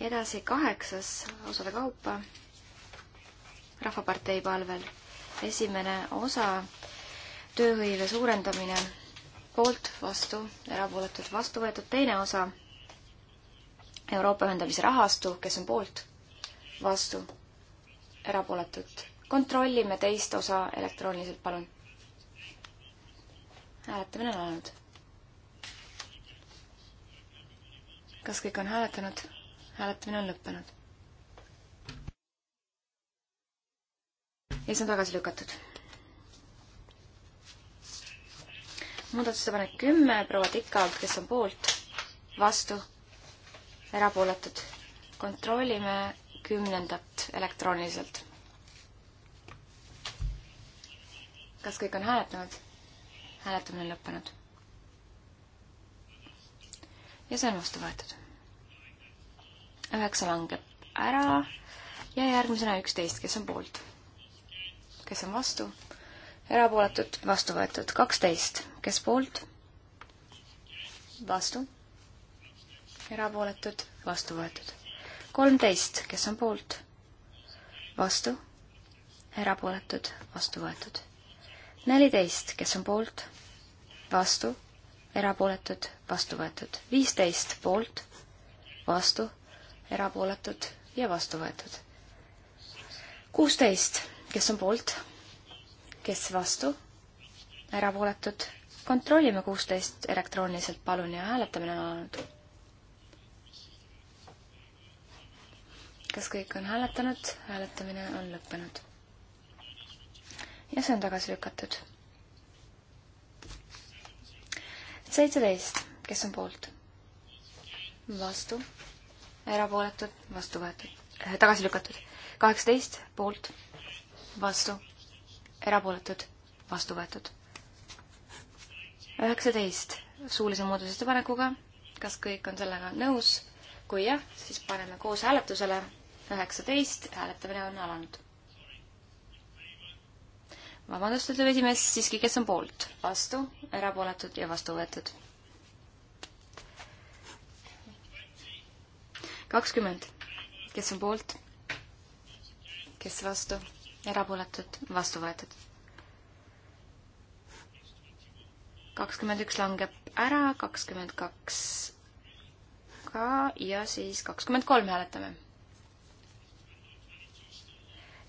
edasi kaheksas osade kaupa Rahvapartei palvel. esimene osa, tööhõive suurendamine, poolt, vastu, erapooletud, vastu võetud, teine osa, Euroopa ühendamise rahastu, kes on poolt, vastu, erapooletud. kontrollime teist osa elektrooniliselt, palun hääletamine on alanud. kas kõik on hääletanud? hääletamine on lõppenud. ja see on tagasi lükatud. muudatusettepanek kümme, proua Tikalt, kes on poolt, vastu, erapooletud. kontrollime kümnendat elektrooniliselt. kas kõik on hääletanud? hääletamine lõppenud. ja see on vastu võetud. üheksa langeb ära ja järgmisena üksteist, kes on poolt. kes on vastu? erapooletud, vastu võetud. kaksteist, kes poolt? vastu. erapooletud, vastu võetud. kolmteist, kes on poolt? vastu. erapooletud, vastu võetud neliteist, kes on poolt, vastu, erapooletud, vastu võetud. viisteist poolt, vastu, erapooletud ja vastu võetud. kuusteist, kes on poolt, kes vastu, erapooletud. kontrollime kuusteist elektrooniliselt, palun, ja hääletamine on alanud. kas kõik on hääletanud? hääletamine on lõppenud ja see on tagasi lükatud. seitseteist, kes on poolt? vastu, erapooletud, vastu võetud äh,, tagasi lükatud. kaheksateist, poolt, vastu, erapooletud, vastu võetud. üheksateist, suulise muudatusettepanekuga, kas kõik on sellega nõus? kui jah, siis paneme koos hääletusele. üheksateist, hääletamine on alanud vabandust, ütleb esimees, siiski, kes on poolt? vastu, erapooletud ja vastu võetud. kakskümmend, kes on poolt? kes vastu? erapooletud, vastu võetud. kakskümmend üks langeb ära, kakskümmend kaks ka ja siis kakskümmend kolm hääletame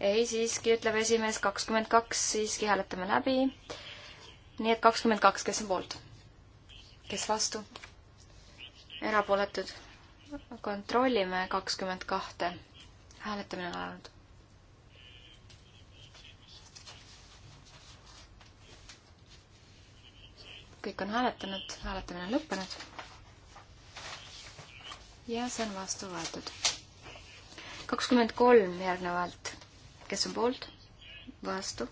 ei, siiski, ütleb esimees, kakskümmend kaks, siiski hääletame läbi. nii et kakskümmend kaks, kes on poolt? kes vastu? erapooletud? kontrollime kakskümmend kahte. hääletamine on alanud. kõik on hääletanud, hääletamine on lõppenud. ja see on vastu võetud. kakskümmend kolm järgnevalt kes on poolt, vastu,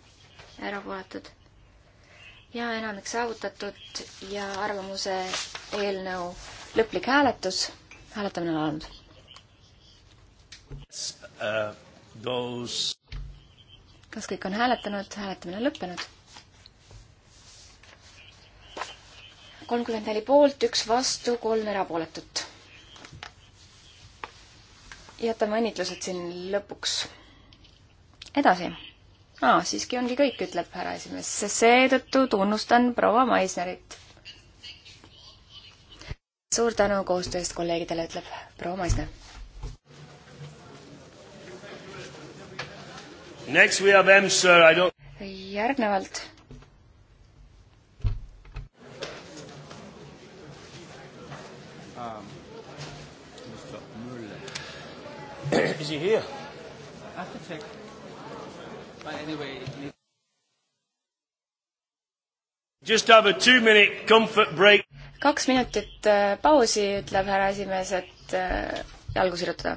erapooletud ja enamik saavutatud ja arvamuse eelnõu lõplik hääletus, hääletamine on alanud. Uh, kas kõik on hääletanud, hääletamine on lõppenud? kolmkümmend neli poolt, üks vastu, kolm erapooletut. jätame õnnitlused siin lõpuks edasi. aa, siiski ongi kõik, ütleb härra esimees. seetõttu tunnustan proua Maisnerit. suur tänu koostöö eest kolleegidele, ütleb proua Maisner. Next we have M, sir, I don't järgnevalt um,. Is he here? I have to check. But anyway, Just have a two minute comfort break. kaks minutit äh, pausi, ütleb härra esimees, et äh, jalgu sirutada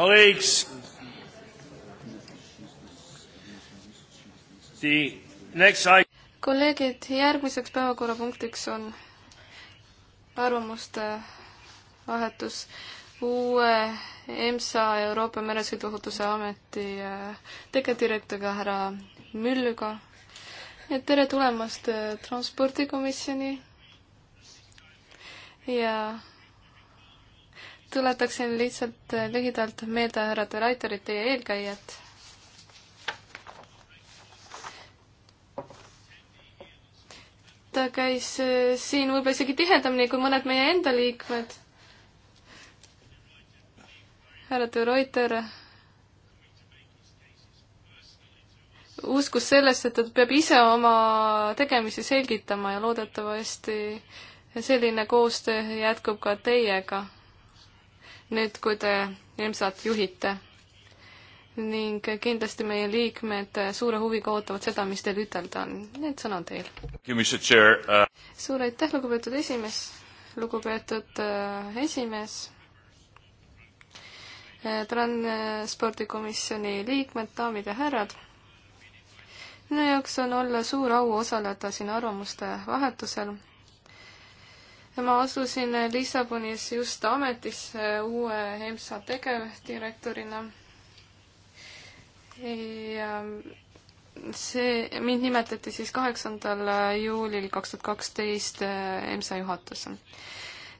Colleagues, the next item kolleegid, järgmiseks päevakorrapunktiks on arvamuste vahetus uue EMSA Euroopa Meresõiduohutuse Ameti äh, tegevdirektoriga härra Müllüga. et tere tulemast äh, Transpordikomisjoni ja tuletaksin lihtsalt eh, lühidalt meelde härra De Reiterit, teie eelkäijat. ta käis eh, siin võib-olla isegi tihedamini kui mõned meie enda liikmed. härra De Reuter eh, uskus sellesse, et ta peab ise oma tegemisi selgitama ja loodetavasti selline koostöö jätkub ka teiega nüüd, kui te EMSA-t juhite. ning kindlasti meie liikmed suure huviga ootavad seda, mis teil ütelda on. Need sõnad teil. Uh, suur aitäh, lugupeetud esimees, lugupeetud uh, esimees uh, transpordikomisjoni liikmed, daamid ja härrad. minu jaoks on olla suur au osaleda siin arvamuste vahetusel ma asusin Lissabonis just ametisse uue EMSA tegevdirektorina. ja see, mind nimetati siis kaheksandal juulil kaks tuhat kaksteist eh, EMSA juhatusse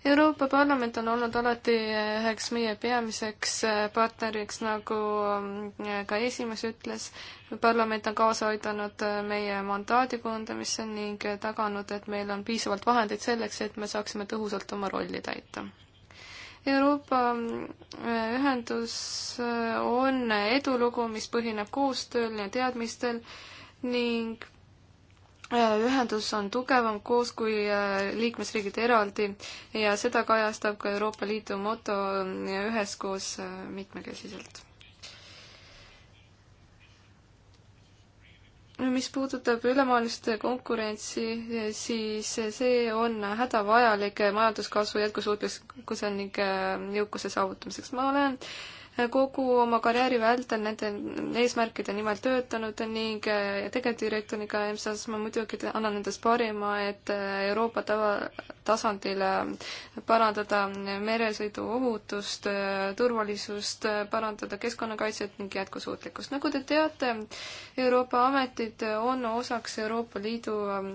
Euroopa Parlament on olnud alati eh, üheks meie peamiseks eh, partneriks, nagu mm, ka esimees ütles. parlament on kaasa aidanud eh, meie mandaadi kujundamisse ning taganud, et meil on piisavalt vahendeid selleks, et me saaksime tõhusalt oma rolli täita. Euroopa mm, ühendus on edulugu, mis põhineb koostööl ja teadmistel ning Äh, ühendus on tugevam koos kui äh, liikmesriigid eraldi ja seda kajastab ka Euroopa Liidu moto äh, üheskoos mitmekesiselt. mis puudutab ülemaailmset konkurentsi, siis see on hädavajalik majanduskasvu jätkusuutlikkuse ning jõukuse saavutamiseks. ma olen äh, kogu oma karjääri vältel nende eesmärkide nimel töötanud ning äh, tegevdirektoriga EMSA-s ma muidugi annan endast parima, et äh, Euroopa tava, tasandil äh, parandada meresõiduohutust, turvalisust, parandada keskkonnakaitset ning jätkusuutlikkust. nagu te teate, Euroopa ametid on osaks Euroopa Liidu ähm,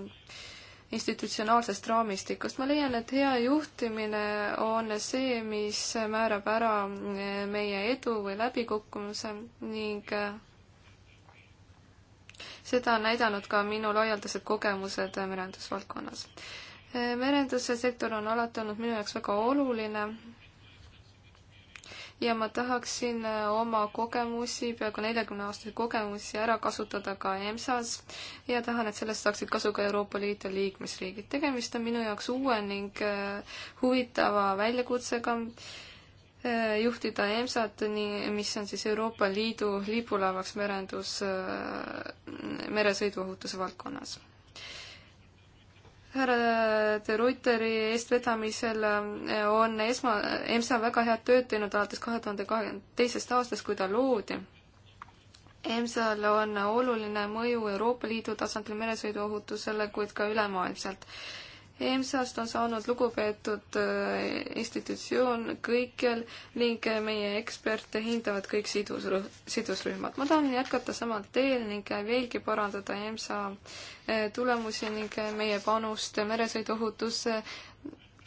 institutsionaalsest raamistikust. ma leian, et hea juhtimine on see, mis määrab ära meie edu või läbikukkumise ning äh, seda on näidanud ka minu laialdased kogemused äh, merendusvaldkonnas. Äh, merenduse sektor on alati olnud minu jaoks väga oluline ja ma tahaksin äh, oma kogemusi, peaaegu neljakümne aastaseid kogemusi ära kasutada ka EMSA-s ja tahan, et sellest saaksid kasu ka Euroopa Liidu liikmesriigid. tegemist on minu jaoks uue ning äh, huvitava väljakutsega äh, juhtida EMSA-t, nii, mis on siis Euroopa Liidu lipulaevaks merendus, meresõiduohutuse valdkonnas härra De Ruiteri eestvedamisel eh, on esma, EMSA väga head tööd teinud alates kahe tuhande kahekümne teisest aastast, kui ta loodi. EMSA-l on oluline mõju Euroopa Liidu tasandil meresõiduohutusele, kuid ka ülemaailmselt EMSA-st on saanud lugupeetud äh, institutsioon kõikjal ning äh, meie eksperte hindavad kõik sidusrüh-, sidusrühmad. ma tahan jätkata samal teel ning äh, veelgi parandada EMSA tulemusi ning meie panust meresõiduohutusse,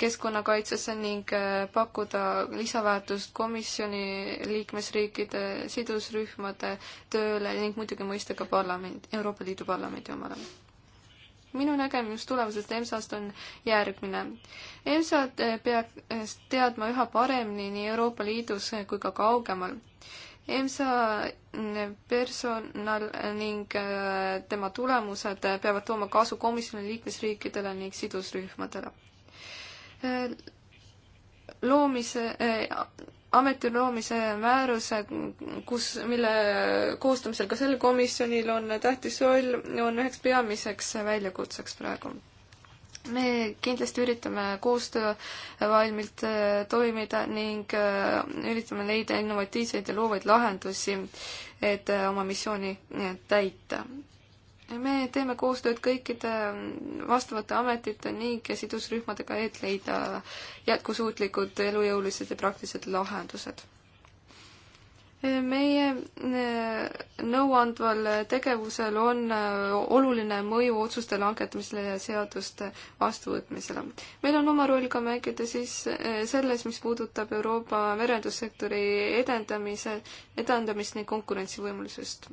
keskkonnakaitsesse ning pakkuda lisaväärtust komisjoni liikmesriikide sidusrühmade tööle ning muidugi mõista ka parlament, Euroopa Liidu parlamendi omale minu nägemus tulemusest EMSA-st on järgmine. EMSA-d eh, peaks eh, teadma üha paremini nii Euroopa Liidus eh, kui ka kaugemal. EMSA personal ning tema tulemused peavad tooma kasu komisjoni liikmesriikidele ning sidusrühmadele. loomise ameti loomise määruse, kus, mille koostamisel ka sel komisjonil on tähtis roll, on üheks peamiseks väljakutseks praegu. me kindlasti üritame koostöövalmilt äh, toimida ning äh, üritame leida innovatiivseid ja loovaid lahendusi, et äh, oma missiooni täita me teeme koostööd kõikide vastavate ametite ning sidusrühmadega, et leida jätkusuutlikud, elujõulised ja praktilised lahendused. meie nõuandval tegevusel on äh, oluline mõju otsuste langetamisele ja seaduste vastuvõtmisele. meil on oma roll ka mängida siis äh, selles, mis puudutab Euroopa merendussektori edendamise, edendamist ning konkurentsivõimelisust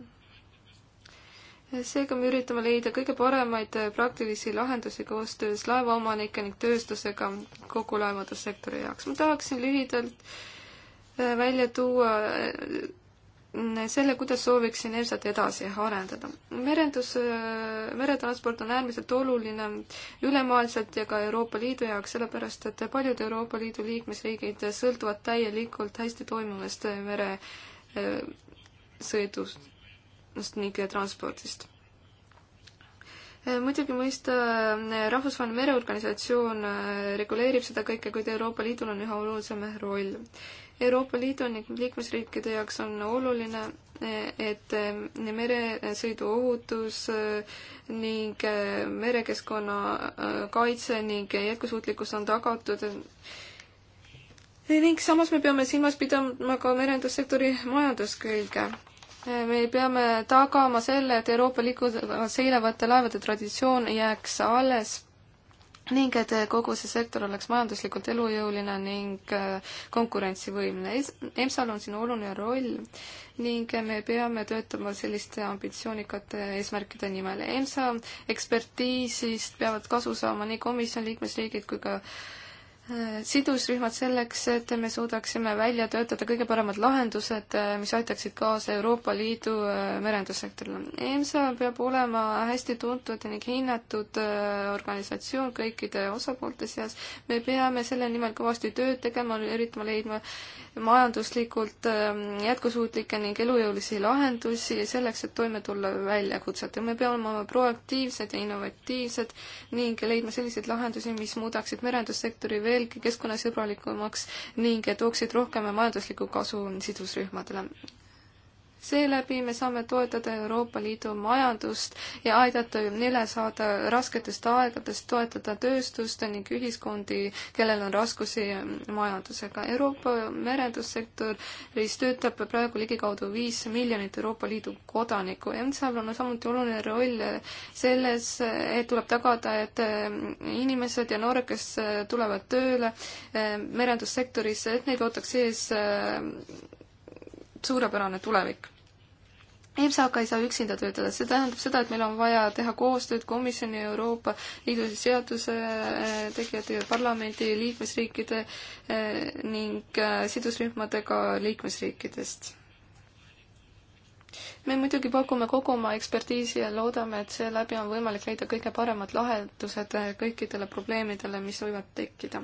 seega me üritame leida kõige paremaid äh, praktilisi lahendusi koostöös laevaomanike ning tööstusega kogu laevandussektori jaoks. ma tahaksin lühidalt äh, välja tuua äh, selle, kuidas sooviksin EMSA-t edasi arendada. merendus, meretransport on äärmiselt oluline ülemaailmselt ja ka Euroopa Liidu jaoks, sellepärast et paljud Euroopa Liidu liikmesriigid sõltuvad täielikult hästi toimivast meresõidust ning transpordist. muidugi mõista, eh, Rahvusvaheline Mereorganisatsioon eh, reguleerib seda kõike, kuid Euroopa Liidul on üha olulisem roll. Euroopa Liidu ning liikmesriikide jaoks on oluline, eh, et meresõiduohutus ning merekeskkonna kaitse ning jätkusuutlikkus on tagatud ning samas me peame silmas pidama ka merendussektori majanduskülge me peame tagama selle, et Euroopa liiklus seilevate laevade traditsioon jääks alles ning et kogu see sektor oleks majanduslikult elujõuline ning äh, konkurentsivõimeline. EMSA-l on siin oluline roll ning me peame töötama selliste ambitsioonikate eesmärkide nimel. EMSA ekspertiisist peavad kasu saama nii komisjon, liikmesriigid kui ka äh, sidusrühmad selleks, et me suudaksime välja töötada kõige paremad lahendused, mis aitaksid kaasa Euroopa Liidu äh, merendussektorile. EMSA peab olema hästi tuntud ning hinnatud äh, organisatsioon kõikide osapoolte seas. me peame selle nimel kõvasti tööd tegema, üritama leidma majanduslikult ähm, jätkusuutlikke ning elujõulisi lahendusi selleks, et toime tulla väljakutsetega. me peame olema proaktiivsed ja innovatiivsed ning leidma selliseid lahendusi, mis muudaksid merendussektori veelgi keskkonnasõbralikumaks ning tooksid rohkem majanduslikku kasu sidusrühmadele seeläbi me saame toetada Euroopa Liidu majandust ja aidata üle saada rasketest aegadest, toetada tööstust ning ühiskondi, kellel on raskusi majandusega. Euroopa merendussektoris töötab praegu ligikaudu viis miljonit Euroopa Liidu kodanikku. EMSA-l on samuti oluline roll selles, et tuleb tagada, et inimesed ja noored, kes tulevad tööle eh, merendussektorisse, et neid ootaks ees eh, suurepärane tulevik. EMSA-ga ei saa üksinda töötada, see tähendab seda, et meil on vaja teha koostööd komisjoni, Euroopa Liidu seaduse eh, tegijate ja parlamendi liikmesriikide eh, ning eh, sidusrühmadega liikmesriikidest me muidugi pakume kogu oma ekspertiisi ja loodame, et seeläbi on võimalik leida kõige paremad lahendused kõikidele probleemidele, mis võivad tekkida.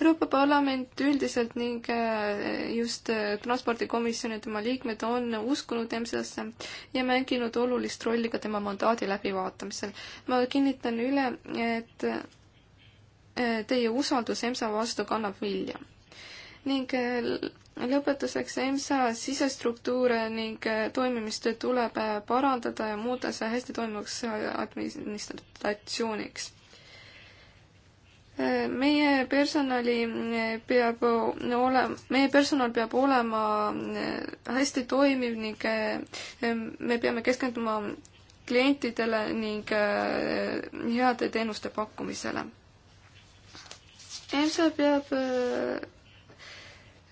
Euroopa Parlament üldiselt ning eh, just eh, transpordikomisjon ja tema liikmed on uskunud EMSA-sse ja mänginud olulist rolli ka tema mandaadi läbivaatamisel. ma kinnitan üle, et eh, teie usaldus EMSA vastu kannab vilja ning lõpetuseks EMSA sisestruktuure ning äh, toimimist tuleb äh, parandada ja muuta see hästi toimivaks äh, administratsiooniks. meie personali peab olema, meie personal peab olema hästi toimiv ning me peame keskenduma klientidele ning heade teenuste pakkumisele. EMSA peab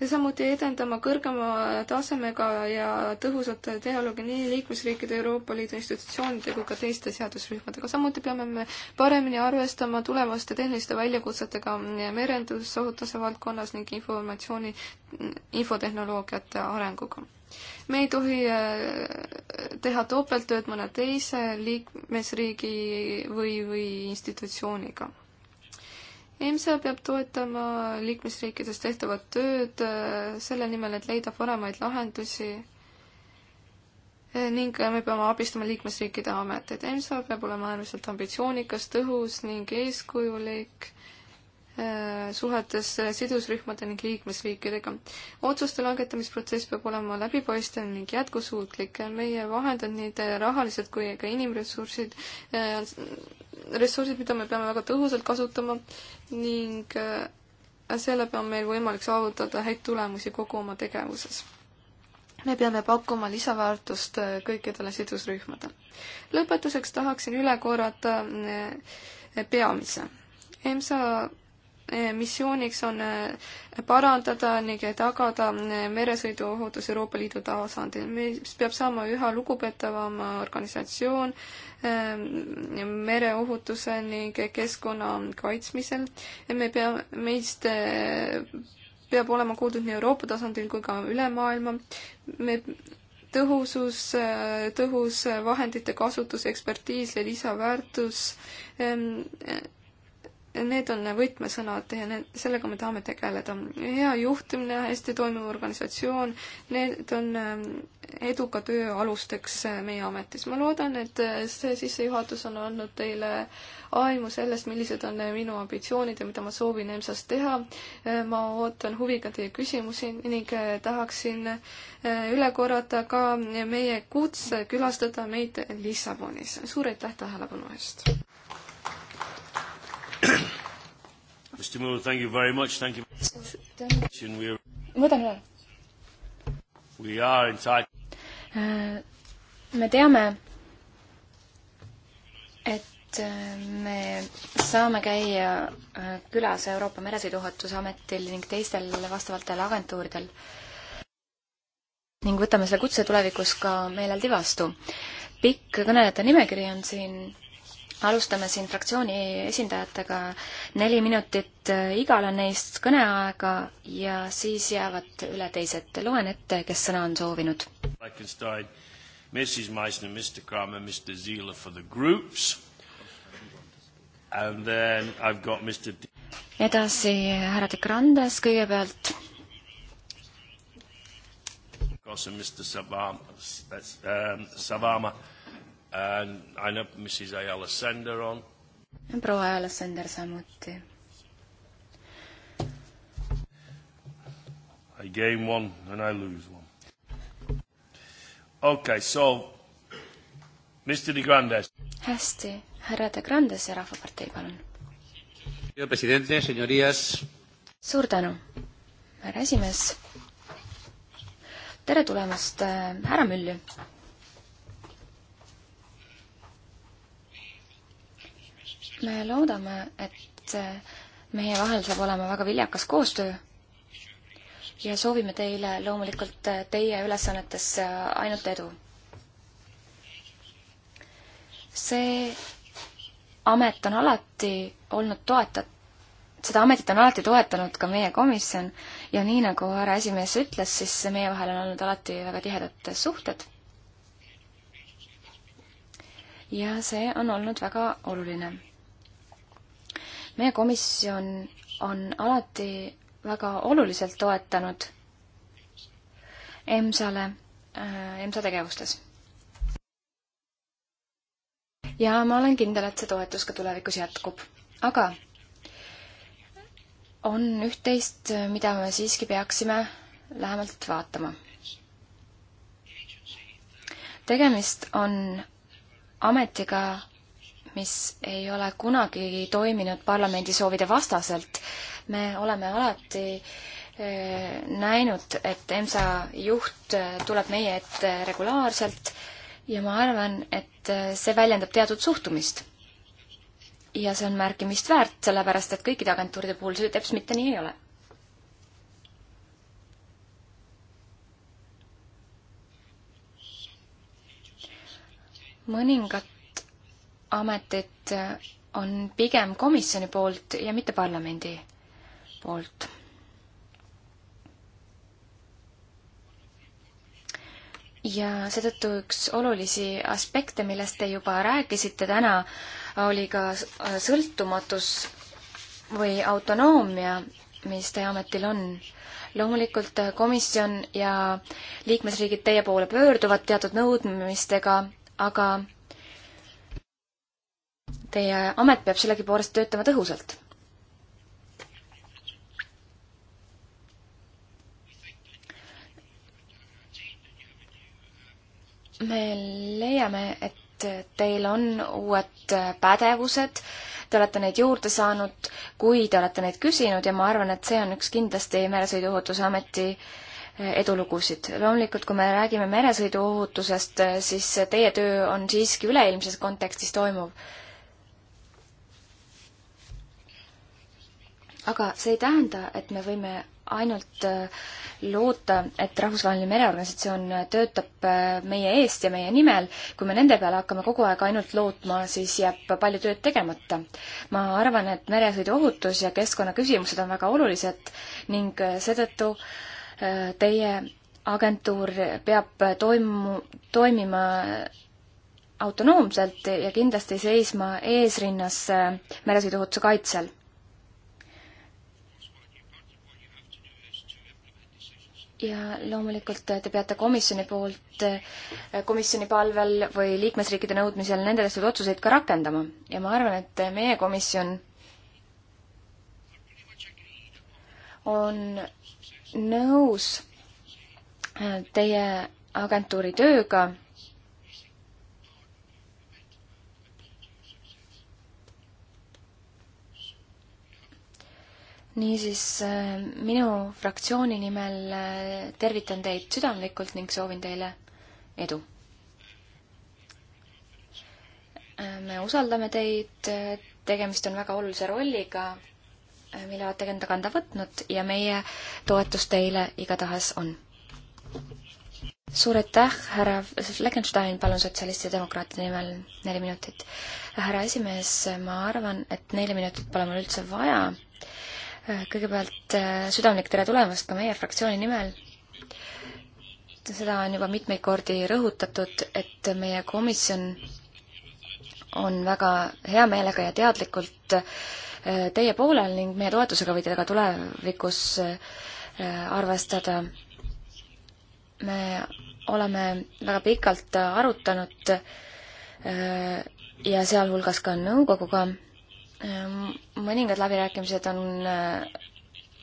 samuti edendama kõrgema tasemega ja tõhusat dialoogi nii liikmesriikide, Euroopa Liidu institutsioonide kui ka teiste seadusrühmadega. samuti peame me paremini arvestama tulevaste tehniliste väljakutsetega merendusohutuse valdkonnas ning informatsiooni, infotehnoloogiate arenguga me ei tohi äh, teha topelttööd mõne teise liikmesriigi või, või institutsiooniga EMSA peab toetama liikmesriikides tehtavat tööd äh, selle nimel, et leida paremaid lahendusi äh, ning me peame abistama liikmesriikide ameteid. EMSA peab olema äärmiselt ambitsioonikas, tõhus ning eeskujulik äh, suhetes sidusrühmade ning liikmesriikidega. otsuste langetamisprotsess peab olema läbipaistev ning jätkusuutlik. meie vahendid, nii rahalised kui ka inimressursid, ressursid, mida me peame väga tõhusalt kasutama ning äh, seeläbi on meil võimalik saavutada häid tulemusi kogu oma tegevuses. me peame pakkuma lisaväärtust äh, kõikidele sidusrühmadele. lõpetuseks tahaksin üle korrata äh, peamise. EMSA missiooniks on eh, parandada ning tagada eh, meresõiduohutus Euroopa Liidu tasandil, mis peab saama üha lugupeetavama organisatsioon eh, mereohutuse ning keskkonna kaitsmisel ja me peame, meist peab olema kuuldud nii Euroopa tasandil kui ka üle maailma. me tõhusus, tõhus vahendite kasutus, ekspertiis ja lisaväärtus Need on võtmesõnad ja need, sellega me tahame tegeleda. hea juhtimine, hästi toimiv organisatsioon, need on ähm, eduka töö alusteks äh, meie ametis. ma loodan, et äh, see sissejuhatus on andnud teile aimu sellest, millised on äh, minu ambitsioonid ja mida ma soovin EMSA-s teha. ma ootan huviga teie küsimusi ning tahaksin üle korrata ka meie kutse külastada meid Lissabonis. suur aitäh tähelepanu eest! (coughs) Mr. Muller, thank you very much. Thank you. Võtan üle. We are inside. Äh, me teame, et äh, me saame käia äh, külas Euroopa Meresõiduohutuse Ametil ning teistel vastavatel agentuuridel ning võtame selle kutse tulevikus ka meeleldi vastu. pikk kõnelejate nimekiri on siin alustame siin fraktsiooni esindajatega neli minutit äh, igale neist kõneaega ja siis jäävad üle teised. loen ette, kes sõna on soovinud. Mrs Meissner, Mr Kramer, Mr Zila for the groups and then I have got Mr D edasi härra De Grandes kõigepealt. Mr Savama, that's um, Savama I know Mrs Ayala Sender on. proua Ayala Sender samuti. I gain one and I lose one. Okay, so Mr De Grandes. hästi, härra De Grandes ja Rahvapartei, palun. suur tänu, härra esimees. tere tulemast äh, härra Mülli me loodame, et meie vahel saab olema väga viljakas koostöö ja soovime teile loomulikult teie ülesannetes ainult edu. see amet on alati olnud toetat-, seda ametit on alati toetanud ka meie komisjon ja nii, nagu härra esimees ütles, siis meie vahel on olnud alati väga tihedad suhted. ja see on olnud väga oluline meie komisjon on alati väga oluliselt toetanud EMSA-le, äh, EMSA tegevustes. ja ma olen kindel, et see toetus ka tulevikus jätkub. aga on üht-teist, mida me siiski peaksime lähemalt vaatama. tegemist on ametiga, mis ei ole kunagi toiminud parlamendi soovide vastaselt. me oleme alati eh, näinud, et EMSA juht eh, tuleb meie ette regulaarselt ja ma arvan, et eh, see väljendab teatud suhtumist. ja see on märkimist väärt, sellepärast et kõikide agentuuride puhul see teps mitte nii ei ole mõningad ametit on pigem komisjoni poolt ja mitte parlamendi poolt. ja seetõttu üks olulisi aspekte, millest te juba rääkisite täna, oli ka sõltumatus või autonoomia, mis teie ametil on loomulikult komisjon ja liikmesriigid teie poole pöörduvad teatud nõudmistega, aga Teie amet peab sellegipoolest töötama tõhusalt. me leiame, et teil on uued pädevused, te olete neid juurde saanud, kui te olete neid küsinud ja ma arvan, et see on üks kindlasti Meresõiduohutuse Ameti edulugusid. loomulikult, kui me räägime meresõiduohutusest, siis teie töö on siiski üleilmses kontekstis toimuv aga see ei tähenda, et me võime ainult äh, loota, et Rahvusvaheline Mereorganisatsioon töötab äh, meie eest ja meie nimel, kui me nende peale hakkame kogu aeg ainult lootma, siis jääb palju tööd tegemata. ma arvan, et meresõiduohutus ja keskkonnaküsimused on väga olulised ning äh, seetõttu teie agentuur peab toimu, toimima autonoomselt ja kindlasti seisma eesrinnas meresõiduohutuse kaitsel ja loomulikult te peate komisjoni poolt, eh, komisjoni palvel või liikmesriikide nõudmisel nende tehtud otsuseid ka rakendama. ja ma arvan, et meie komisjon on nõus eh, teie agentuuri tööga niisiis, äh, minu fraktsiooni nimel äh, tervitan teid südamlikult ning soovin teile edu. Äh, me usaldame teid, tegemist on väga olulise rolliga, mille olete enda kanda võtnud ja meie toetus teile igatahes on. suur aitäh, härra Fleckenstein, palun sotsialistide demokraatide nimel neli minutit. härra esimees, ma arvan, et neli minutit pole mul üldse vaja kõigepealt äh, südamlik tere tulemast ka meie fraktsiooni nimel. seda on juba mitmeid kordi rõhutatud, et meie komisjon on väga hea meelega ja teadlikult äh, teie poolel ning meie toetusega võite ka tulevikus äh, arvestada. me oleme väga pikalt arutanud ja sealhulgas ka nõukoguga Ehm, mõningad läbirääkimised on äh,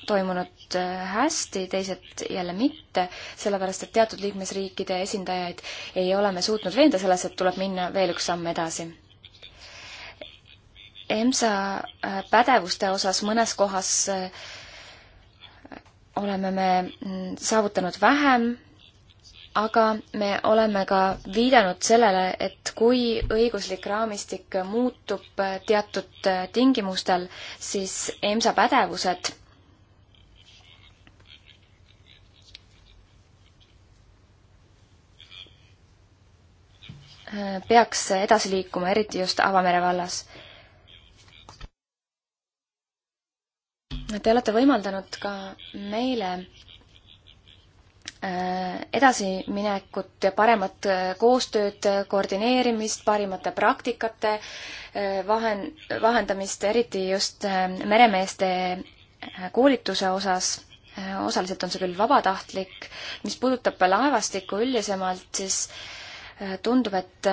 toimunud äh, hästi, teised jälle mitte, sellepärast et teatud liikmesriikide esindajaid ei ole me suutnud veenda selles, et tuleb minna veel üks samm edasi. EMSA äh, pädevuste osas mõnes kohas oleme me mm, saavutanud vähem aga me oleme ka viidanud sellele, et kui õiguslik raamistik muutub teatud tingimustel, siis EMSA pädevused peaks edasi liikuma, eriti just avamere vallas. Te olete võimaldanud ka meile Äh, edasiminekut ja paremat äh, koostööd, äh, koordineerimist, parimate praktikate vahen-, vahendamist, eriti just meremeeste koolituse osas, osaliselt on see küll vabatahtlik, mis puudutab laevastikku üldisemalt, siis tundub, et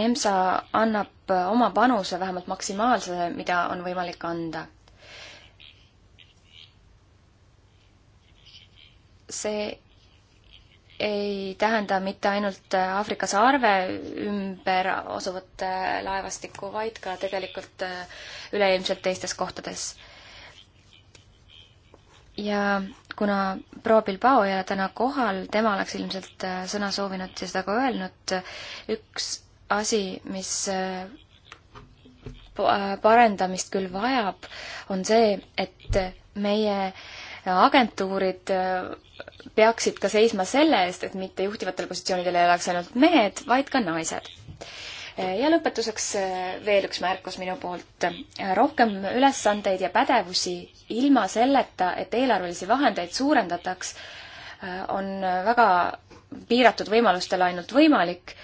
EMSA annab oma panuse vähemalt maksimaalse, mida on võimalik anda see ei tähenda mitte ainult Aafrika saarve ümber asuvat äh, laevastikku, vaid ka tegelikult äh, üleilmselt teistes kohtades. ja kuna proua Bilbao ei ole täna kohal, tema oleks ilmselt äh, sõna soovinud ja seda ka öelnud, üks asi, mis parendamist küll vajab, on see, et meie agentuurid peaksid ka seisma selle eest, et mitte juhtivatel positsioonidel ei oleks ainult mehed, vaid ka naised. ja lõpetuseks veel üks märkus minu poolt. rohkem ülesandeid ja pädevusi ilma selleta, et eelarvelisi vahendeid suurendataks, on väga piiratud võimalustel ainult võimalik.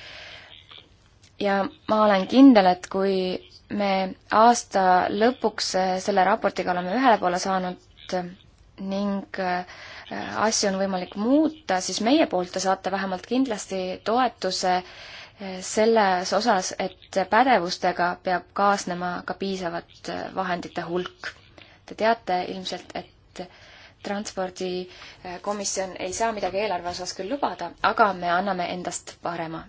ja ma olen kindel, et kui me aasta lõpuks selle raportiga oleme ühele poole saanud ning äh, Äh, asju on võimalik muuta, siis meie poolt te saate vähemalt kindlasti toetuse äh, selles osas, et pädevustega peab kaasnema ka piisavat äh, vahendite hulk. Te teate ilmselt, et transpordikomisjon ei saa midagi eelarve osas küll lubada, aga me anname endast parema.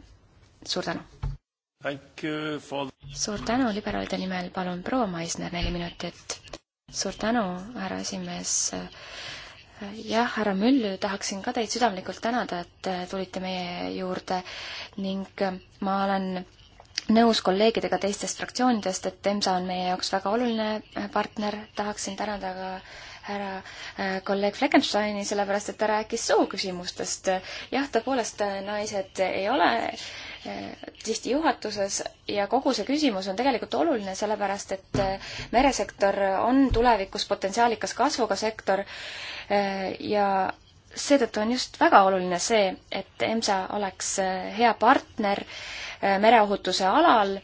suur tänu! For... suur tänu, liberaalide nimel palun proua Maisner neli minutit. suur tänu, härra esimees jah, härra Müllü, tahaksin ka teid südamlikult tänada, et äh, tulite meie juurde ning äh, ma olen nõus kolleegidega teistest fraktsioonidest, et EMSA on meie jaoks väga oluline äh, partner, tahaksin tänada ka äh, härra äh, kolleeg Fleckensteini, sellepärast et ta rääkis sooküsimustest. jah, tõepoolest äh, naised ei ole äh, tihti juhatuses ja kogu see küsimus on tegelikult oluline, sellepärast et meresektor on tulevikus potentsiaalikas kasvuga sektor ja seetõttu on just väga oluline see, et EMSA oleks hea partner mereohutuse alal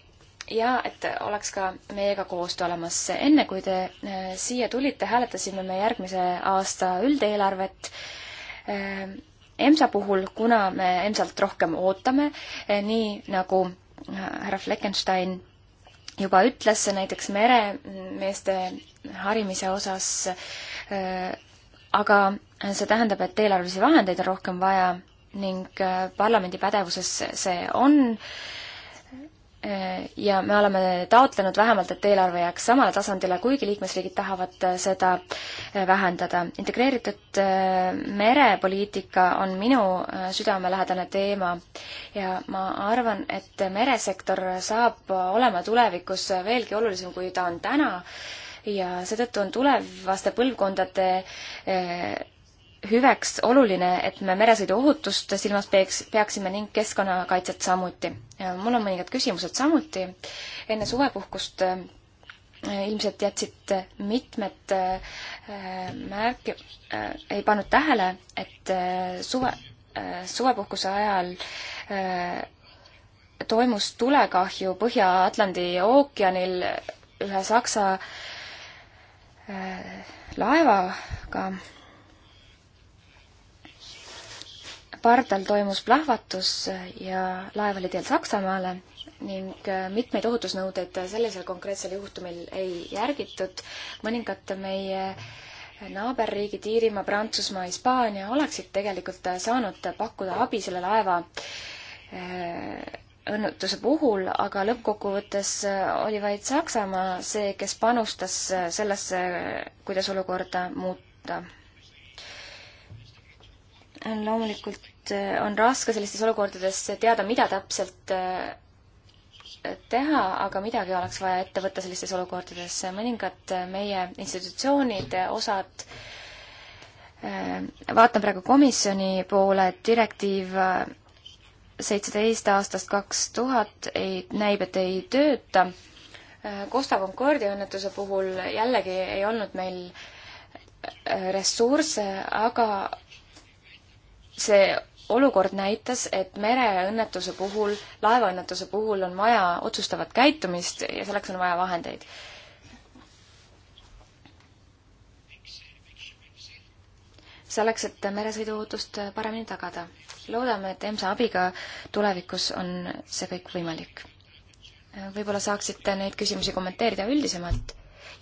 ja et oleks ka meiega koostöö olemas. enne kui te äh, siia tulite, hääletasime me järgmise aasta üldeelarvet. Äh, EMSA puhul, kuna me EMSA-lt rohkem ootame, äh, nii nagu härra Fleckenstein juba ütles, näiteks meremeeste harimise osas, aga see tähendab, et eelarvelisi vahendeid on rohkem vaja ning parlamendi pädevuses see on Äh, ja me oleme taotlenud vähemalt, et eelarve jääks samale tasandile, kuigi liikmesriigid tahavad äh, seda äh, vähendada. integreeritud merepoliitika on minu südamelähedane teema ja ma arvan, et meresektor saab olema tulevikus veelgi olulisem, kui ta on täna ja seetõttu on tulevaste põlvkondade hüveks oluline, et me meresõiduohutust silmas peaks, peaksime ning keskkonnakaitset samuti. mul on mõningad küsimused samuti. enne suvepuhkust äh, ilmselt jätsid mitmed äh, märk-, äh, ei pannud tähele, et suve, suvepuhkuse ajal toimus tulekahju Põhja-Atlandi ookeanil ühe Saksa laevaga pardal toimus plahvatus ja laev oli teel Saksamaale ning äh, mitmeid ohutusnõudeid sellisel konkreetsel juhtumil ei järgitud. mõningad meie naaberriigid Iirimaa, Prantsusmaa, Hispaania oleksid tegelikult saanud pakkuda abi selle laeva äh, õnnetuse puhul, aga lõppkokkuvõttes äh, oli vaid Saksamaa see, kes panustas sellesse, kuidas olukorda muuta loomulikult et äh, on raske sellistes olukordades teada, mida täpselt äh, teha, aga midagi oleks vaja ette võtta sellistes olukordades. mõningad äh, meie institutsioonid, osad vaatan praegu komisjoni poole, et direktiiv seitseteist aastast kaks tuhat ei, näib, et ei tööta. Costa Concordia õnnetuse puhul jällegi ei olnud meil ressursse, aga see olukord näitas, et mereõnnetuse puhul, laevaõnnetuse puhul on vaja otsustavat käitumist ja selleks on vaja vahendeid. selleks, et meresõiduohutust paremini tagada. loodame, et EMSA abiga tulevikus on see kõik võimalik. võib-olla saaksite neid küsimusi kommenteerida üldisemalt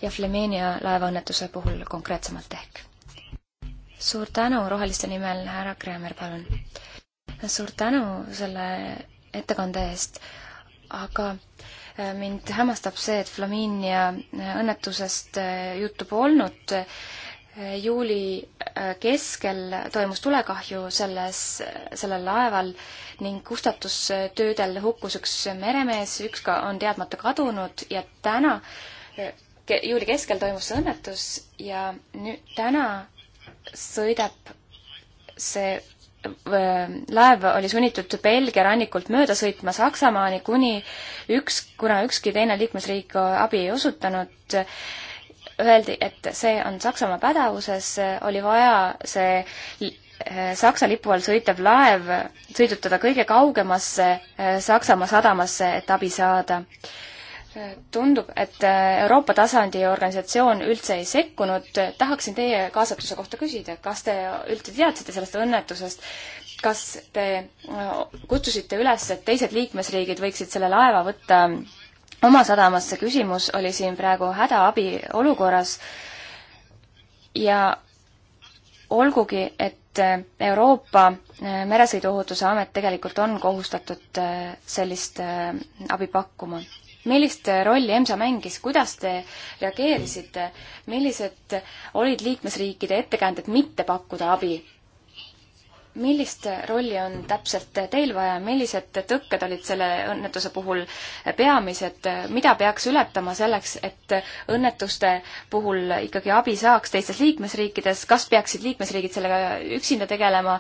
ja Flemenia laevaõnnetuse puhul konkreetsemalt ehk suur tänu, Roheliste nimel härra Kreemer, palun. suur tänu selle ettekande eest, aga äh, mind hämmastab see, et Flaminia äh, õnnetusest äh, juttu polnud. juuli keskel toimus tulekahju selles, sellel laeval ning kustutustöödel hukkus üks meremees, üks ka on teadmata kadunud ja täna juuli keskel toimus see õnnetus ja nüüd täna sõidab see laev oli sunnitud Belgia rannikult mööda sõitma Saksamaani, kuni üks, kuna ükski teine liikmesriik abi ei osutanud, öeldi, et see on Saksamaa pädevuses, oli vaja see Saksa lipu all sõitev laev sõidutada kõige kaugemasse Saksamaa sadamasse, et abi saada tundub, et äh, Euroopa tasandi organisatsioon üldse ei sekkunud. tahaksin teie kaasatuse kohta küsida, kas te üldse teadsite sellest õnnetusest? kas te äh, kutsusite üles, et teised liikmesriigid võiksid selle laeva võtta oma sadamasse? küsimus oli siin praegu hädaabi olukorras. ja olgugi, et äh, Euroopa Meresõiduohutuse Amet tegelikult on kohustatud sellist abi pakkuma millist äh, rolli EMSA mängis, kuidas te reageerisite, millised olid liikmesriikide ettekäänded mitte pakkuda abi? millist rolli on täpselt teil vaja, millised tõkked olid selle õnnetuse puhul peamised, mida peaks ületama selleks, et õnnetuste puhul ikkagi abi saaks teistes liikmesriikides, kas peaksid liikmesriigid sellega üksinda tegelema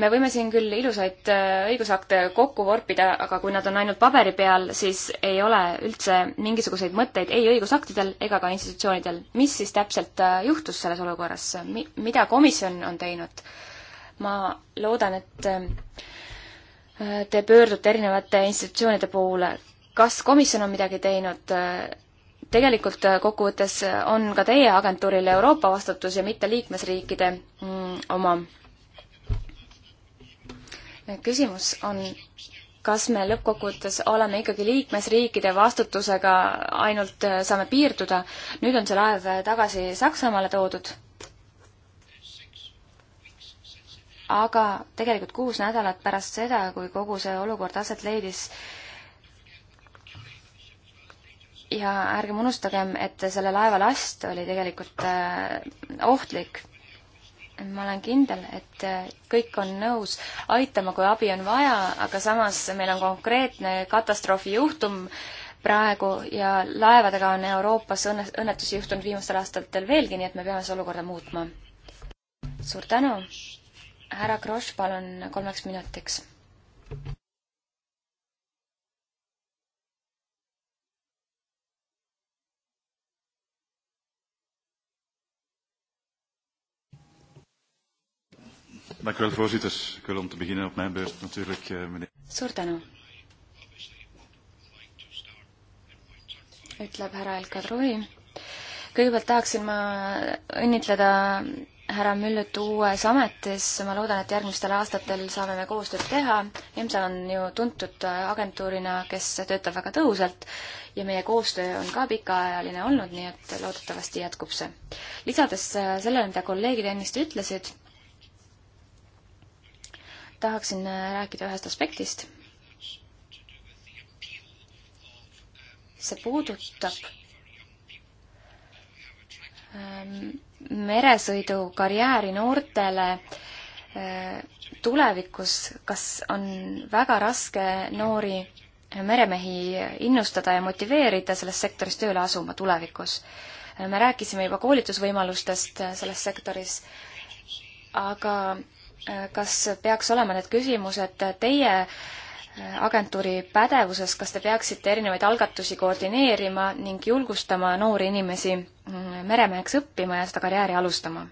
me võime siin küll ilusaid äh, õigusakte kokku vorpida, aga kui nad on ainult paberi peal, siis ei ole üldse mingisuguseid mõtteid ei õigusaktidel ega ka institutsioonidel. mis siis täpselt äh, juhtus selles olukorras Mi, mida komisjon on teinud? ma loodan, et äh, te pöördute erinevate institutsioonide poole. kas komisjon on midagi teinud? tegelikult kokkuvõttes on ka teie agentuuril Euroopa vastutus ja mitte liikmesriikide mm, oma küsimus on, kas me lõppkokkuvõttes oleme ikkagi liikmesriikide vastutusega, ainult äh, saame piirduda. nüüd on see laev äh, tagasi Saksamaale toodud. aga tegelikult kuus nädalat pärast seda, kui kogu see olukord aset leidis, ja ärgem unustagem, et selle laeva last oli tegelikult äh, ohtlik ma olen kindel, et äh, kõik on nõus aitama, kui abi on vaja, aga samas meil on konkreetne katastroofijuhtum praegu ja laevadega on Euroopas õnne, õnnetusi juhtunud viimastel aastatel veelgi, nii et me peame seda olukorda muutma. suur tänu. härra Kross, palun kolmeks minutiks. Dank u wel, voorzitter. Ik wil om te beginnen op mijn beurt natuurlijk, uh, meneer... Suur tänu. ütleb härra El Kadri. kõigepealt tahaksin ma õnnitleda härra Müllut uues ametis, ma loodan, et järgmistel aastatel saame me koostööd teha. EMSA on ju tuntud agentuurina, kes töötab väga tõhusalt ja meie koostöö on ka pikaajaline olnud, nii et loodetavasti jätkub see. lisades sellele, mida kolleegid ennist ütlesid, tahaksin äh, rääkida ühest aspektist. see puudutab ähm, meresõidukarjääri noortele äh, tulevikus, kas on väga raske noori meremehi innustada ja motiveerida selles sektoris tööle asuma tulevikus. Äh, me rääkisime juba koolitusvõimalustest selles sektoris, aga kas peaks olema need küsimused teie äh, agentuuri pädevuses, kas te peaksite erinevaid algatusi koordineerima ning julgustama noori inimesi mm, meremeheks õppima ja seda karjääri alustama?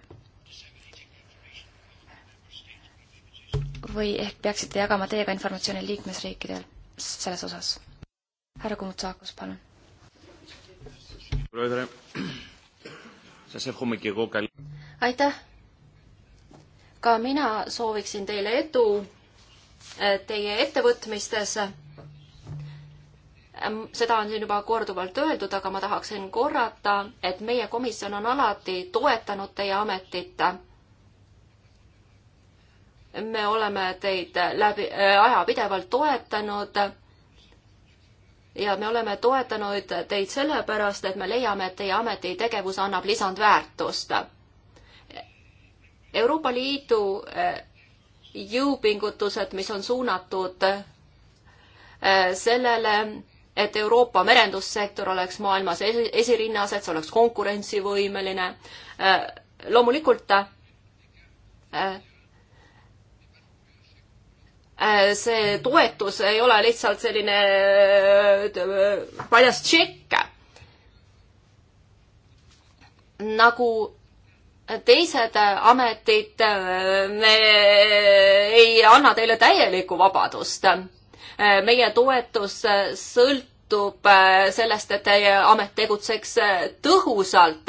või ehk peaksite jagama teiega informatsiooni liikmesriikidel selles osas? härra Kumutsakos, palun. (clears throat) aitäh ka mina sooviksin teile edu eh, teie ettevõtmistes. seda on siin juba korduvalt öeldud, aga ma tahaksin korrata, et meie komisjon on alati toetanud teie ametit. me oleme teid läbi äh, aja pidevalt toetanud ja me oleme toetanud teid sellepärast, et me leiame, et teie ameti tegevus annab lisandväärtust Euroopa Liidu eh, jõupingutused, mis on suunatud eh, sellele, et Euroopa merendussektor oleks maailmas esirinnas, et see oleks konkurentsivõimeline. Eh, loomulikult see toetus ei ole lihtsalt selline paljas tšekk. nagu teised ametid, me ei anna teile täielikku vabadust. meie toetus sõltub sellest, et teie amet tegutseks tõhusalt.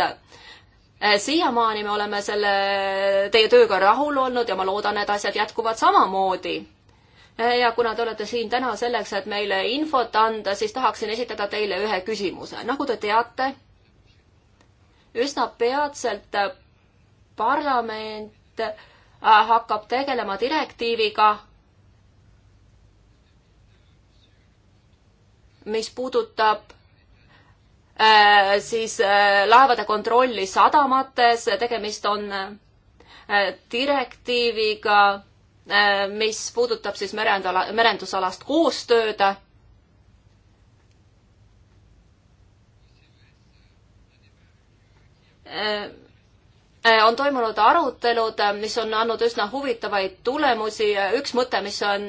siiamaani me oleme selle, teie tööga rahul olnud ja ma loodan, et asjad jätkuvad samamoodi ja kuna te olete siin täna selleks, et meile infot anda, siis tahaksin esitada teile ühe küsimuse. nagu te teate, üsna peatselt parlament äh, hakkab tegelema direktiiviga, mis puudutab äh, siis äh, laevade kontrolli sadamates, tegemist on äh, direktiiviga, äh, mis puudutab siis merendala, merendusalast koostööd äh, Äh, on toimunud arutelud, äh, mis on andnud üsna huvitavaid tulemusi. Äh, üks mõte, mis on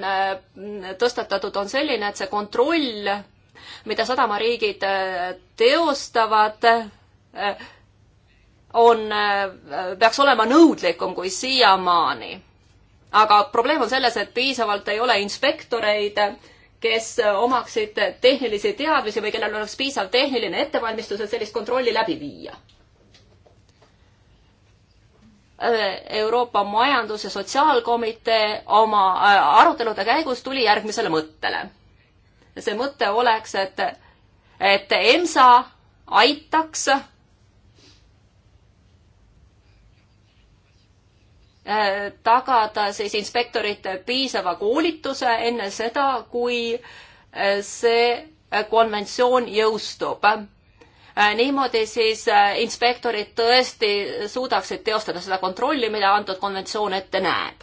tõstatatud, on selline, et see kontroll, mida sadamariigid teostavad, on, peaks olema nõudlikum kui siiamaani. aga probleem on selles, et piisavalt ei ole inspektoreid, kes omaksid tehnilisi teadmisi või kellel oleks piisav tehniline ettevalmistus, et sellist kontrolli läbi viia Äh, Euroopa Majandus- ja Sotsiaalkomitee oma äh, arutelude käigus tuli järgmisele mõttele. see mõte oleks, et, et EMSA aitaks äh, tagada siis inspektorite piisava koolituse enne seda, kui see konventsioon jõustub Äh, niimoodi siis äh, inspektorid tõesti suudaksid teostada seda kontrolli, mida antud konventsioon ette näeb.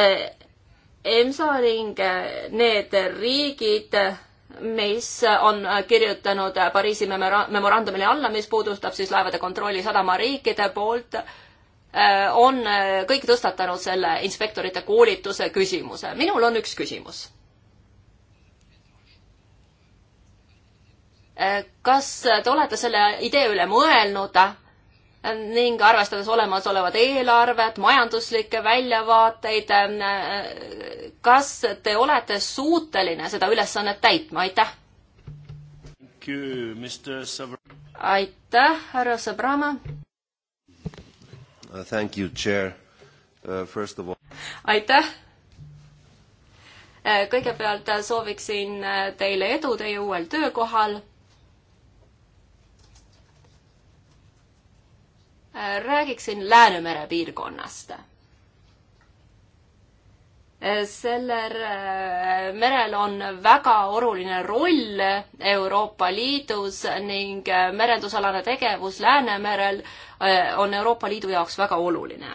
Äh, EMSA ning need riigid, mis on kirjutanud Pariisi memorandumile alla, mis puudutab siis laevade kontrolli sadamariikide poolt, on kõik tõstatanud selle inspektorite koolituse küsimuse. minul on üks küsimus kas te olete selle idee üle mõelnud ning arvestades olemasolevat eelarvet, majanduslikke väljavaateid, kas te olete suuteline seda ülesannet täitma, aitäh! aitäh, härra Sõbrama! Uh, uh, aitäh! Uh, kõigepealt sooviksin teile edu teie uuel töökohal räägiksin Läänemere piirkonnast. sellel merel on väga oluline roll Euroopa Liidus ning merendusalane tegevus Läänemerel eh, on Euroopa Liidu jaoks väga oluline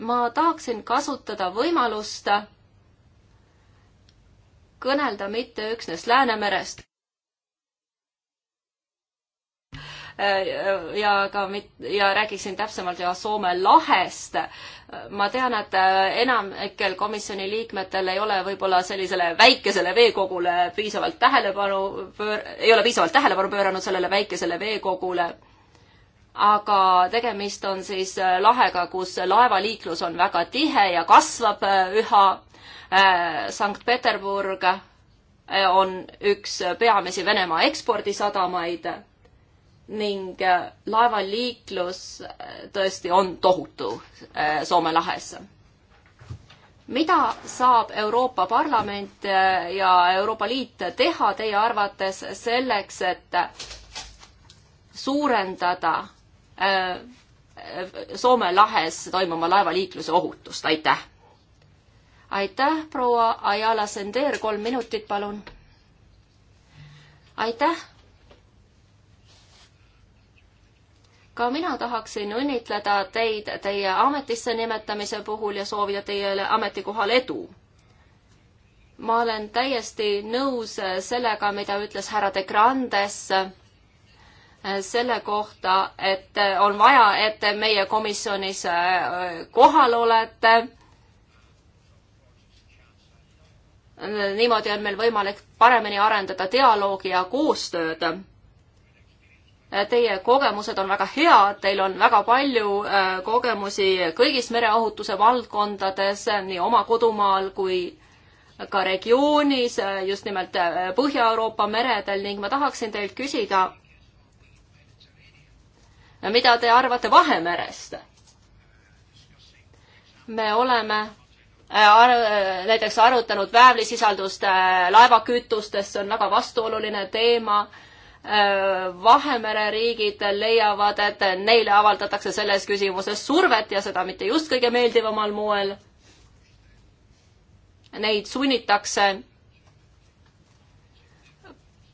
ma tahaksin kasutada võimalust kõnelda mitte üksnes Läänemerest, Äh, ja ka mit-, ja räägiksin täpsemalt ja Soome lahest. ma tean, et äh, enamikel komisjoni liikmetel ei ole võib-olla sellisele väikesele veekogule piisavalt tähelepanu pöör-, ei ole piisavalt tähelepanu pööranud sellele väikesele veekogule, aga tegemist on siis äh, lahega, kus laevaliiklus on väga tihe ja kasvab üha. Sankt-Peterburg on üks peamisi Venemaa ekspordisadamaid ning äh, laevaliiklus äh, tõesti on tohutu äh, Soome lahes. mida saab Euroopa Parlament ja Euroopa Liit teha teie arvates selleks, et suurendada Soome lahes toimuma laevaliikluse ohutust, aitäh! aitäh, proua Ajala Sender, kolm minutit, palun! aitäh! ka mina tahaksin õnnitleda teid teie ametisse nimetamise puhul ja soovida teile ametikohal edu. ma olen täiesti nõus sellega, mida ütles härra De Grandes äh, selle kohta, et on vaja, et te meie komisjonis äh, kohal olete äh, niimoodi on meil võimalik paremini arendada dialoogi ja koostööd. Teie kogemused on väga head, teil on väga palju äh, kogemusi kõigis mereohutuse valdkondades, nii oma kodumaal kui ka regioonis, äh, just nimelt äh, Põhja-Euroopa meredel ning ma tahaksin teilt küsida, mida te arvate Vahemerest? me oleme ar-, näiteks arutanud väävlisisaldust laevakütustest, see on väga vastuoluline teema Vahemere riigid leiavad, et neile avaldatakse selles küsimuses survet ja seda mitte just kõige meeldivamal moel. Neid sunnitakse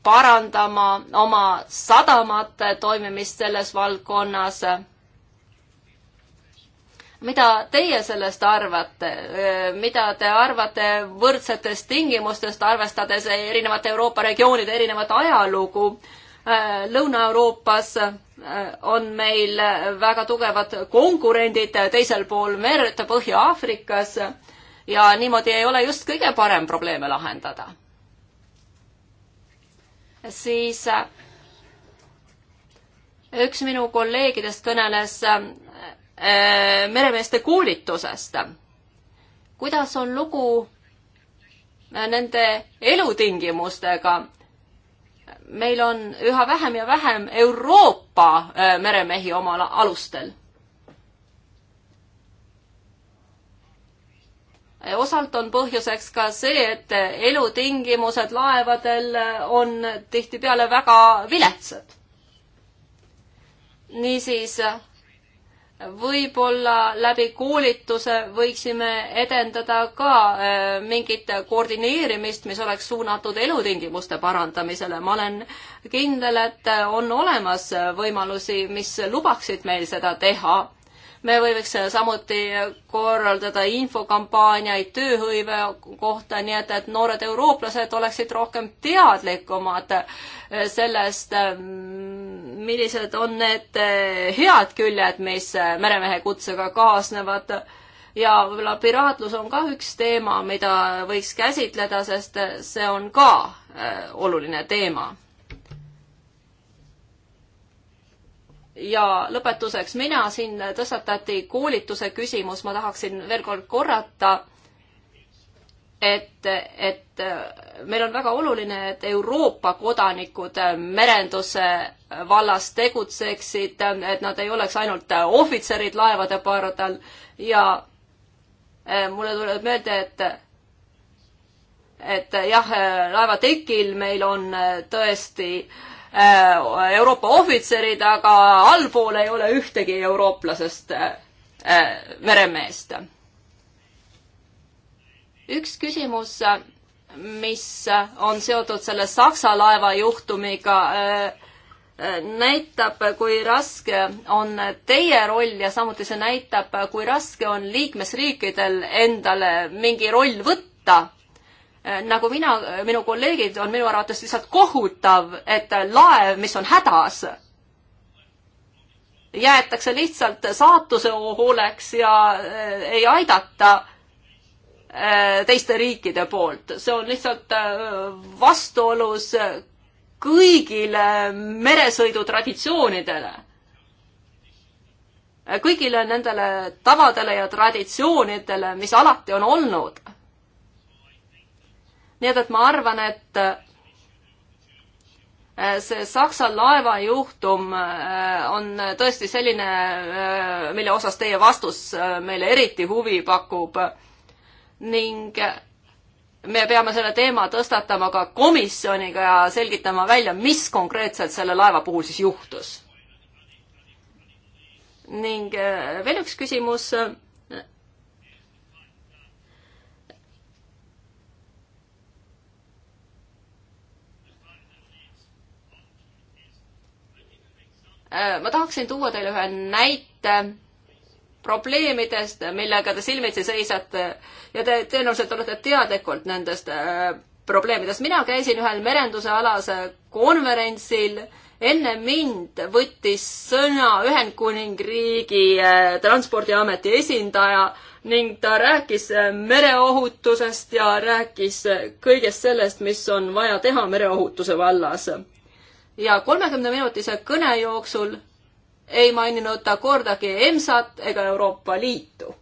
parandama oma sadamate toimimist selles valdkonnas. mida teie sellest arvate, mida te arvate võrdsetest tingimustest, arvestades erinevate Euroopa regioonide erinevat ajalugu? Äh, Lõuna-Euroopas äh, on meil väga tugevad konkurendid teisel pool merd Põhja-Aafrikas ja niimoodi ei ole just kõige parem probleeme lahendada. siis äh, üks minu kolleegidest kõneles meremeeste koolitusest. kuidas on lugu nende elutingimustega? meil on üha vähem ja vähem Euroopa äh, meremehi omal alustel. osalt on põhjuseks ka see, et elutingimused laevadel äh, on tihtipeale väga viletsad. niisiis võib-olla läbi koolituse võiksime edendada ka äh, mingit koordineerimist, mis oleks suunatud elutingimuste parandamisele. ma olen kindel, et on olemas võimalusi, mis lubaksid meil seda teha. me võiks samuti korraldada infokampaaniaid tööhõive kohta, nii et, et noored eurooplased oleksid rohkem teadlikumad sellest, millised on need eh, head küljed, mis eh, meremehe kutsega kaasnevad ja võib-olla piraatlus on ka üks teema, mida võiks käsitleda, sest eh, see on ka oluline teema. ja lõpetuseks mina siin tõstatati koolituse küsimus, ma tahaksin veel kord korrata et, et äh, meil on väga oluline, et Euroopa kodanikud äh, merenduse äh, vallas tegutseksid, et nad ei oleks ainult ohvitserid laevade pardal ja mulle tuleb meelde, et et jah, laevatekil meil on tõesti Euroopa ohvitserid, aga allpool ei ole ühtegi eurooplasest meremeest üks küsimus, mis on seotud selle Saksa laeva juhtumiga, äh, äh, näitab, kui raske on teie roll ja samuti see näitab, kui raske on liikmesriikidel endale mingi roll võtta äh, nagu mina, minu kolleegid, on minu arvates lihtsalt kohutav, et laev, mis on hädas, jäetakse lihtsalt saatuse hooleks ja ei aidata Äh, teiste riikide poolt, see on lihtsalt äh, vastuolus kõigile meresõidu traditsioonidele. kõigile nendele tavadele ja traditsioonidele, mis alati on olnud. nii et, et ma arvan, et äh, see Saksa laeva juhtum on tõesti selline, mille osas teie vastus meile eriti huvi pakub ning me peame selle teema tõstatama ka komisjoniga ja selgitama välja, mis konkreetselt selle laeva puhul siis juhtus. ning äh, veel üks küsimus. Äh, ma tahaksin tuua teile ühe näite probleemidest, millega te silmitsi seisate ja te tõenäoliselt olete teadlikult nendest äh, probleemidest. mina käisin ühel merenduse alase konverentsil, enne mind võttis sõna Ühendkuningriigi äh, transpordiameti esindaja ning ta rääkis äh, mereohutusest ja rääkis kõigest sellest, mis on vaja teha mereohutuse vallas. ja kolmekümne minutise kõne jooksul ei maininud ta kordagi EMSA-t ega Euroopa Liitu.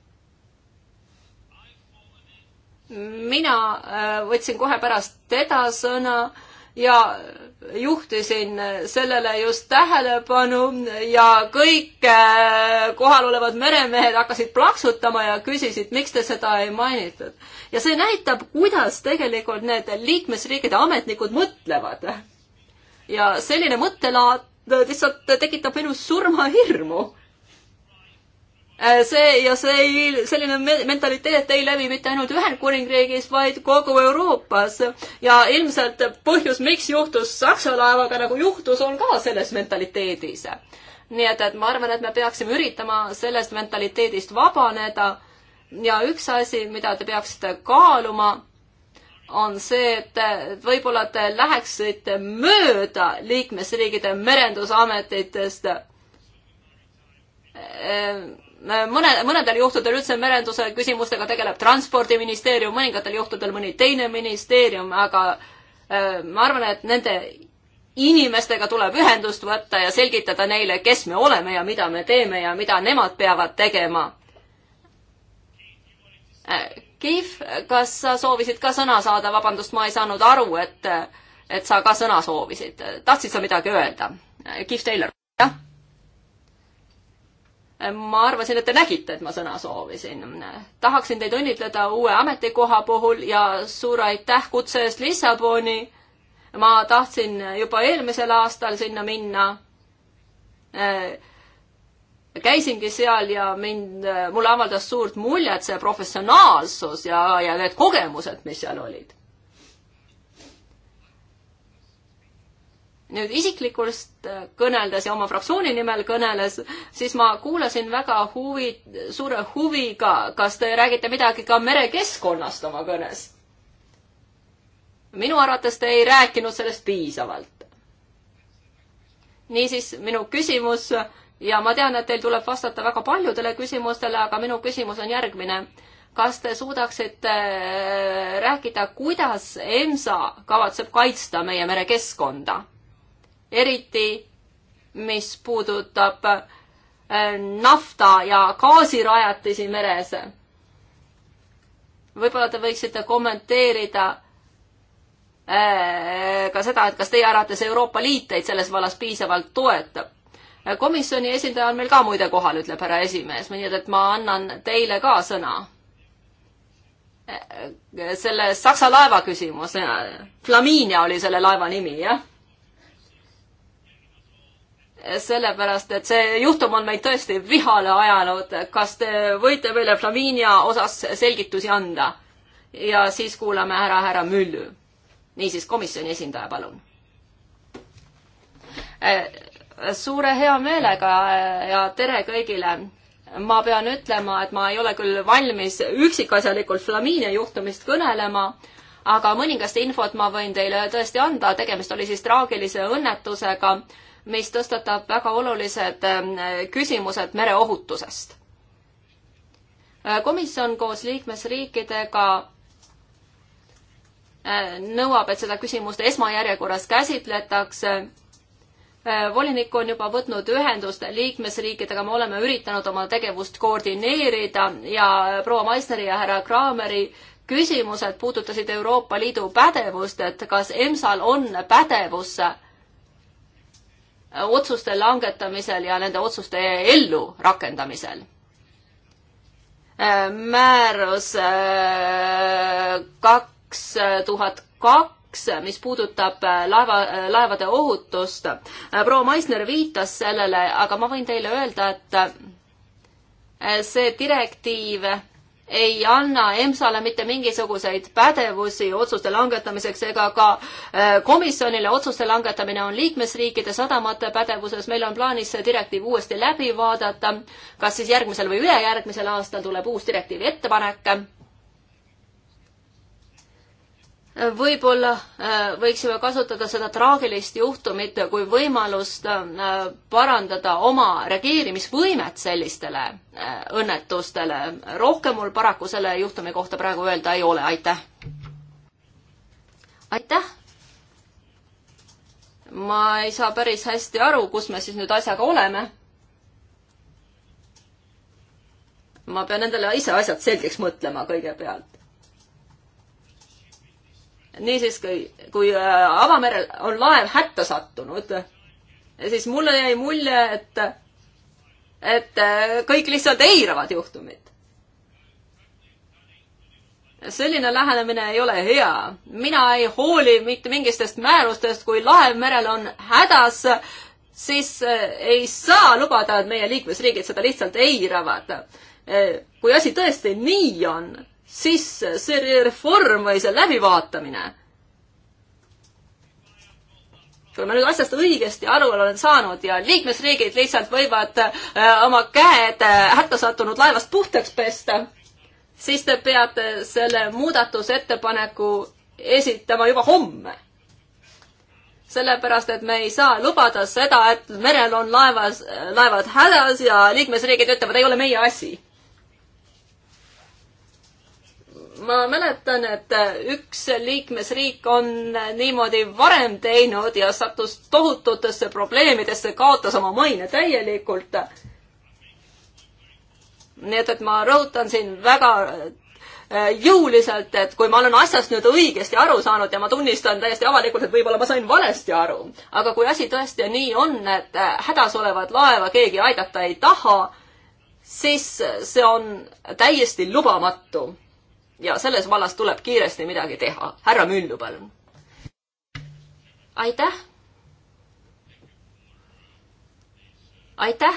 mina äh, võtsin kohe pärast teda sõna ja juhtisin sellele just tähelepanu ja kõik äh, kohal olevad meremehed hakkasid plaksutama ja küsisid, miks te seda ei mainitud. ja see näitab, kuidas tegelikult need liikmesriikide ametnikud mõtlevad ja selline mõttelaad ta lihtsalt tekitab minus surmahirmu. Äh, see ja see ei, selline mentaliteet ei levi mitte ainult Ühendkuningriigis, vaid kogu Euroopas ja ilmselt põhjus, miks juhtus Saksa laevaga nagu juhtus, on ka selles mentaliteedis. nii et, et ma arvan, et me peaksime üritama sellest mentaliteedist vabaneda ja üks asi, mida te peaksite kaaluma on see, et võib-olla te läheksite mööda liikmesriigide merendusametitest. Ehm, mõne, mõnedel juhtudel üldse merenduse küsimustega tegeleb Transpordiministeerium, mõningatel juhtudel mõni teine ministeerium, aga ehm, ma arvan, et nende inimestega tuleb ühendust võtta ja selgitada neile, kes me oleme ja mida me teeme ja mida nemad peavad tegema ehm, Kiiv, kas sa soovisid ka sõna saada, vabandust, ma ei saanud aru, et, et sa ka sõna soovisid. tahtsid sa midagi öelda? Kiiv Taylor, jah? ma arvasin, et te nägite, et ma sõna soovisin. tahaksin teid õnnitleda uue ametikoha puhul ja suur aitäh kutse eest Lissaboni. ma tahtsin juba eelmisel aastal sinna minna käisingi seal ja mind, mulle avaldas suurt muljet see professionaalsus ja, ja need kogemused, mis seal olid. nüüd isiklikust kõneldes ja oma fraktsiooni nimel kõneles, siis ma kuulasin väga huvi, suure huviga, kas te räägite midagi ka merekeskkonnast oma kõnes. minu arvates te ei rääkinud sellest piisavalt. niisiis minu küsimus ja ma tean, et teil tuleb vastata väga paljudele küsimustele, aga minu küsimus on järgmine. kas te suudaksite äh, rääkida, kuidas EMSA kavatseb kaitsta meie merekeskkonda? eriti, mis puudutab äh, nafta ja gaasirajatisi meres. võib-olla te võiksite kommenteerida äh, ka seda, et kas teie arvates Euroopa Liit teid selles vallas piisavalt toetab? komisjoni esindaja on meil ka muide kohal, ütleb härra esimees, nii et ma annan teile ka sõna. selle Saksa laeva küsimus, Flaminia oli selle laeva nimi, jah? sellepärast, et see juhtum on meid tõesti vihale ajanud. kas te võite meile Flaminia osas selgitusi anda? ja siis kuulame ära härra Müllü. niisiis, komisjoni esindaja, palun suure heameelega ja tere kõigile. ma pean ütlema, et ma ei ole küll valmis üksikasjalikult Flaminia juhtumist kõnelema, aga mõningast infot ma võin teile tõesti anda, tegemist oli siis traagilise õnnetusega, mis tõstatab väga olulised eh, küsimused mereohutusest. Eh, komisjon koos liikmesriikidega eh, nõuab, et seda küsimust esmajärjekorras käsitletakse Äh, volinik on juba võtnud ühendust liikmesriikidega, me oleme üritanud oma tegevust koordineerida ja proua Meissneri ja härra Krahmeri küsimused puudutasid Euroopa Liidu pädevust, et kas EMSA-l on pädevus äh, otsuste langetamisel ja nende otsuste ellurakendamisel äh, määrus kaks tuhat kaks kaks, mis puudutab äh, laeva, äh, laevade ohutust. Äh, proua Maisner viitas sellele, aga ma võin teile öelda, et see direktiiv ei anna EMSA-le mitte mingisuguseid pädevusi otsuste langetamiseks ega ka komisjonile otsuste langetamine on liikmesriikide sadamate pädevuses. meil on plaanis see direktiiv uuesti läbi vaadata, kas siis järgmisel või ülejärgmisel aastal tuleb uus direktiivi ettepanek võib-olla äh, võiksime kasutada seda traagilist juhtumit kui võimalust äh, parandada oma reageerimisvõimet sellistele äh, õnnetustele. rohkem mul paraku selle juhtumi kohta praegu öelda ei ole, aitäh. aitäh. ma ei saa päris hästi aru, kus me siis nüüd asjaga oleme. ma pean endale ise asjad selgeks mõtlema kõigepealt niisiis, kui, kui äh, avamerel on laev hätta sattunud, siis mulle jäi mulje, et, et äh, kõik lihtsalt eiravad juhtumit. selline lähenemine ei ole hea. mina ei hooli mitte mingistest määrustest, kui laev merel on hädas, siis äh, ei saa lubada, et meie liikmesriigid seda lihtsalt eiravad. kui asi tõesti nii on, sisse, see reform või see läbivaatamine. kui ma nüüd asjast õigesti aru olen saanud ja liikmesriigid lihtsalt võivad äh, oma käed äh, hätta sattunud laevast puhtaks pesta, siis te peate selle muudatusettepaneku esitama juba homme sellepärast, et me ei saa lubada seda, et merel on laevas, laevad hädas ja liikmesriigid ütlevad, ei ole meie asi. ma mäletan, et üks liikmesriik on niimoodi varem teinud ja sattus tohututesse probleemidesse, kaotas oma maine täielikult. nii et, et ma rõhutan siin väga äh, jõuliselt, et kui ma olen asjast nüüd õigesti aru saanud ja ma tunnistan täiesti avalikult, et võib-olla ma sain valesti aru, aga kui asi tõesti nii on, et äh, hädas olevat laeva keegi aidata ei taha, siis see on täiesti lubamatu ja selles vallas tuleb kiiresti midagi teha. härra Müllu, palun. aitäh. aitäh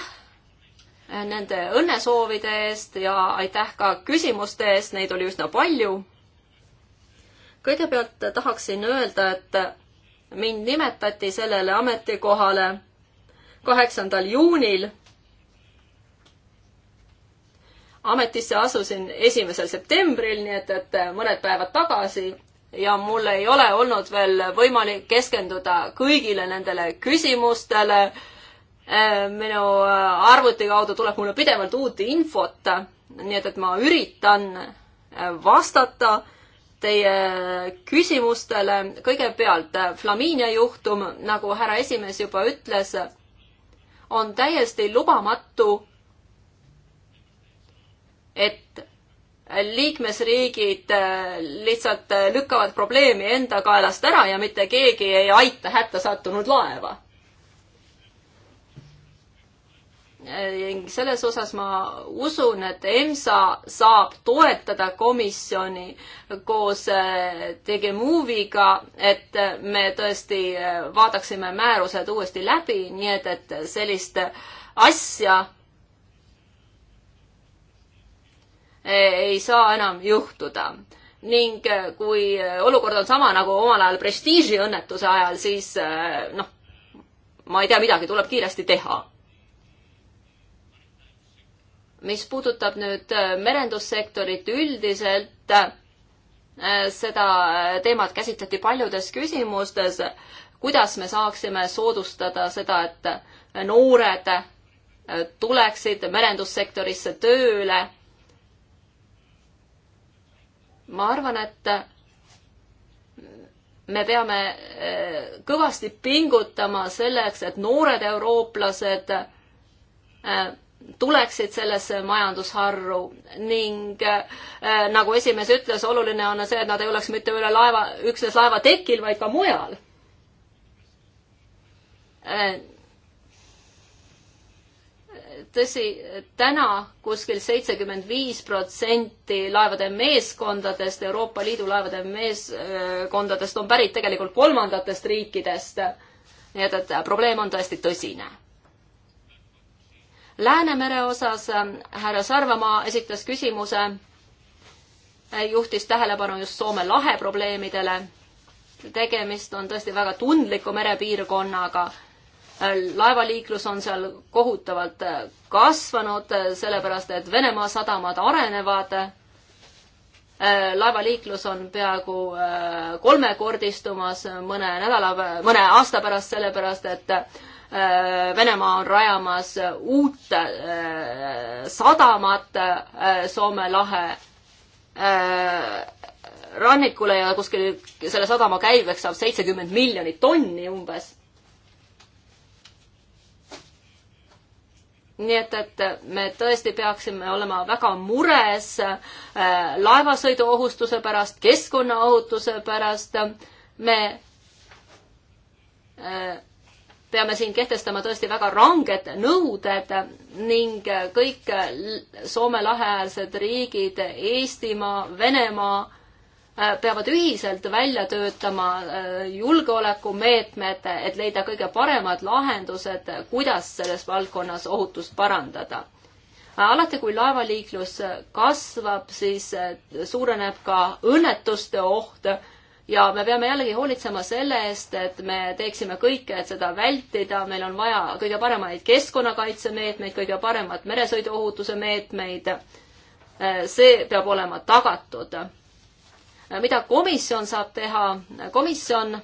nende õnnesoovide eest ja aitäh ka küsimuste eest, neid oli üsna palju. kõigepealt tahaksin öelda, et mind nimetati sellele ametikohale kaheksandal juunil ametisse asusin esimesel septembril, nii et, et mõned päevad tagasi ja mul ei ole olnud veel võimalik keskenduda kõigile nendele küsimustele. Äh, minu äh, arvuti kaudu tuleb mulle pidevalt uut infot, nii et, et ma üritan äh, vastata teie küsimustele. kõigepealt Flaminia juhtum, nagu härra esimees juba ütles, on täiesti lubamatu et liikmesriigid äh, lihtsalt äh, lükkavad probleemi enda kaelast ära ja mitte keegi ei aita hätta sattunud laeva. selles osas ma usun, et EMSA saab toetada komisjoni koos äh, Tegemoviga, et me tõesti vaataksime määrused uuesti läbi, nii et, et sellist asja ei saa enam juhtuda. ning eh, kui eh, olukord on sama nagu omal ajal prestiiži õnnetuse ajal, siis eh, noh, ma ei tea midagi, tuleb kiiresti teha. mis puudutab nüüd merendussektorit üldiselt, seda teemat käsitleti paljudes küsimustes, kuidas me saaksime soodustada seda, et noored tuleksid merendussektorisse tööle ma arvan, et me peame e, kõvasti pingutama selleks, et noored eurooplased e, tuleksid sellesse majandusharru ning äh, nagu esimees ütles, oluline on see, et nad ei oleks mitte üle laeva, üksnes laeva tekil, vaid ka mujal äh, tõsi, täna kuskil seitsekümmend viis protsenti laevade meeskondadest, Euroopa Liidu laevade meeskondadest on pärit tegelikult kolmandatest riikidest. nii et, et probleem on tõesti tõsine. Läänemere osas äh, härra Sarvamaa esitas küsimuse, äh, juhtis tähelepanu just Soome lahe probleemidele. tegemist on tõesti väga tundliku merepiirkonnaga Äh, laevaliiklus on seal kohutavalt äh, kasvanud, äh, sellepärast et Venemaa sadamad arenevad. laevaliiklus on peaaegu kolmekordistumas mõne nädala, mõne aasta pärast, sellepärast et Venemaa on rajamas uut sadamat Soome lahe rannikule ja kuskil selle sadama käibeks saab seitsekümmend miljonit tonni umbes nii et, et me tõesti peaksime olema väga mures äh, laevasõiduohustuse pärast, keskkonnaohutuse pärast. me äh, peame siin kehtestama tõesti väga ranged nõuded ning kõik Soome laheäärsed riigid, Eestimaa, Venemaa Äh, peavad ühiselt välja töötama äh, julgeolekumeetmed, et leida kõige paremad lahendused, kuidas selles valdkonnas ohutust parandada. Äh, alati, kui laevaliiklus kasvab, siis suureneb ka õnnetuste oht ja me peame jällegi hoolitsema selle eest, et me teeksime kõike, et seda vältida, meil on vaja kõige paremaid keskkonnakaitsemeetmeid, kõige paremat meresõiduohutuse meetmeid. see peab olema tagatud mida komisjon saab teha, komisjon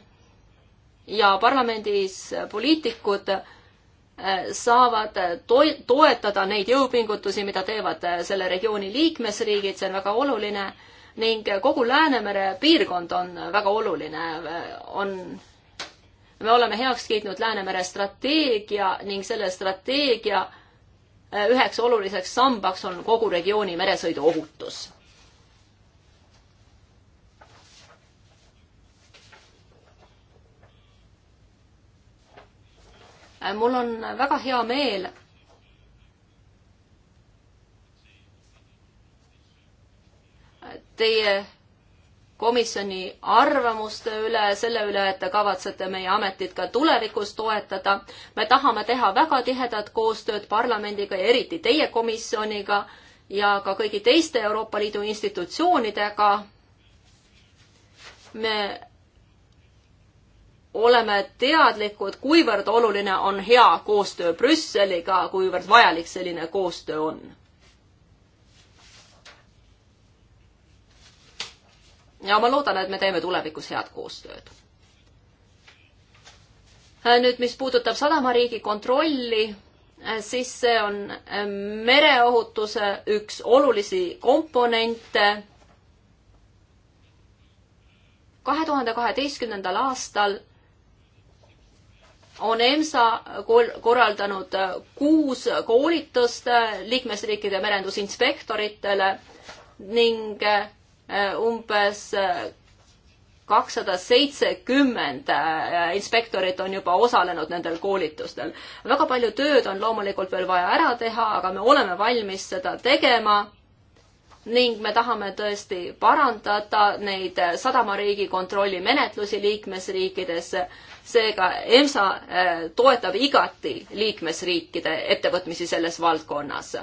ja parlamendis poliitikud äh, saavad to-, toetada neid jõupingutusi, mida teevad äh, selle regiooni liikmesriigid, see on väga oluline, ning kogu Läänemere piirkond on väga oluline, äh, on me oleme heaks kiitnud Läänemere strateegia ning selle strateegia üheks oluliseks sambaks on kogu regiooni meresõiduohutus Äh, mul on väga hea meel, teie komisjoni arvamuste üle, selle üle, et te kavatsete meie ametit ka tulevikus toetada. me tahame teha väga tihedat koostööd parlamendiga ja eriti teie komisjoniga ja ka kõigi teiste Euroopa Liidu institutsioonidega. me oleme teadlikud, kuivõrd oluline on hea koostöö Brüsseliga, kuivõrd vajalik selline koostöö on. ja ma loodan, et me teeme tulevikus head koostööd. Äh, nüüd, mis puudutab sadamariigi kontrolli, äh, siis see on äh, mereohutuse üks olulisi komponente. kahe tuhande kaheteistkümnendal aastal on EMSA korraldanud kuus koolitust liikmesriikide merendusinspektoritele ning eh, umbes kakssada seitsekümmend eh, inspektorit on juba osalenud nendel koolitustel. väga palju tööd on loomulikult veel vaja ära teha, aga me oleme valmis seda tegema ning me tahame tõesti parandada neid eh, sadamariigi kontrolli menetlusi liikmesriikides seega EMSA äh, toetab igati liikmesriikide ettevõtmisi selles valdkonnas.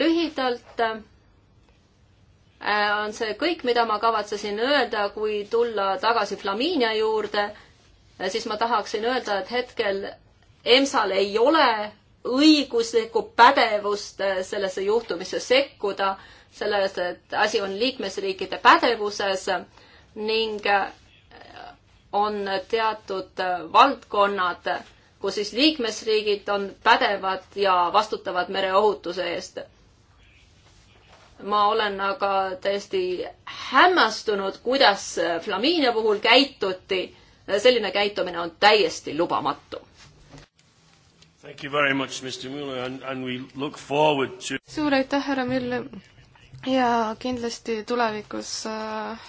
lühidalt äh, on see kõik, mida ma kavatsesin öelda, kui tulla tagasi Flaminia juurde, äh, siis ma tahaksin öelda, et hetkel EMSA-l ei ole õiguslikku pädevust sellesse juhtumisse sekkuda selles, et asi on liikmesriikide pädevuses ning on teatud valdkonnad, kus siis liikmesriigid on pädevad ja vastutavad mereohutuse eest. ma olen aga täiesti hämmastunud, kuidas Flaminia puhul käituti. selline käitumine on täiesti lubamatu. Much, Müller, and, and to... suur aitäh, härra Müller ja kindlasti tulevikus äh,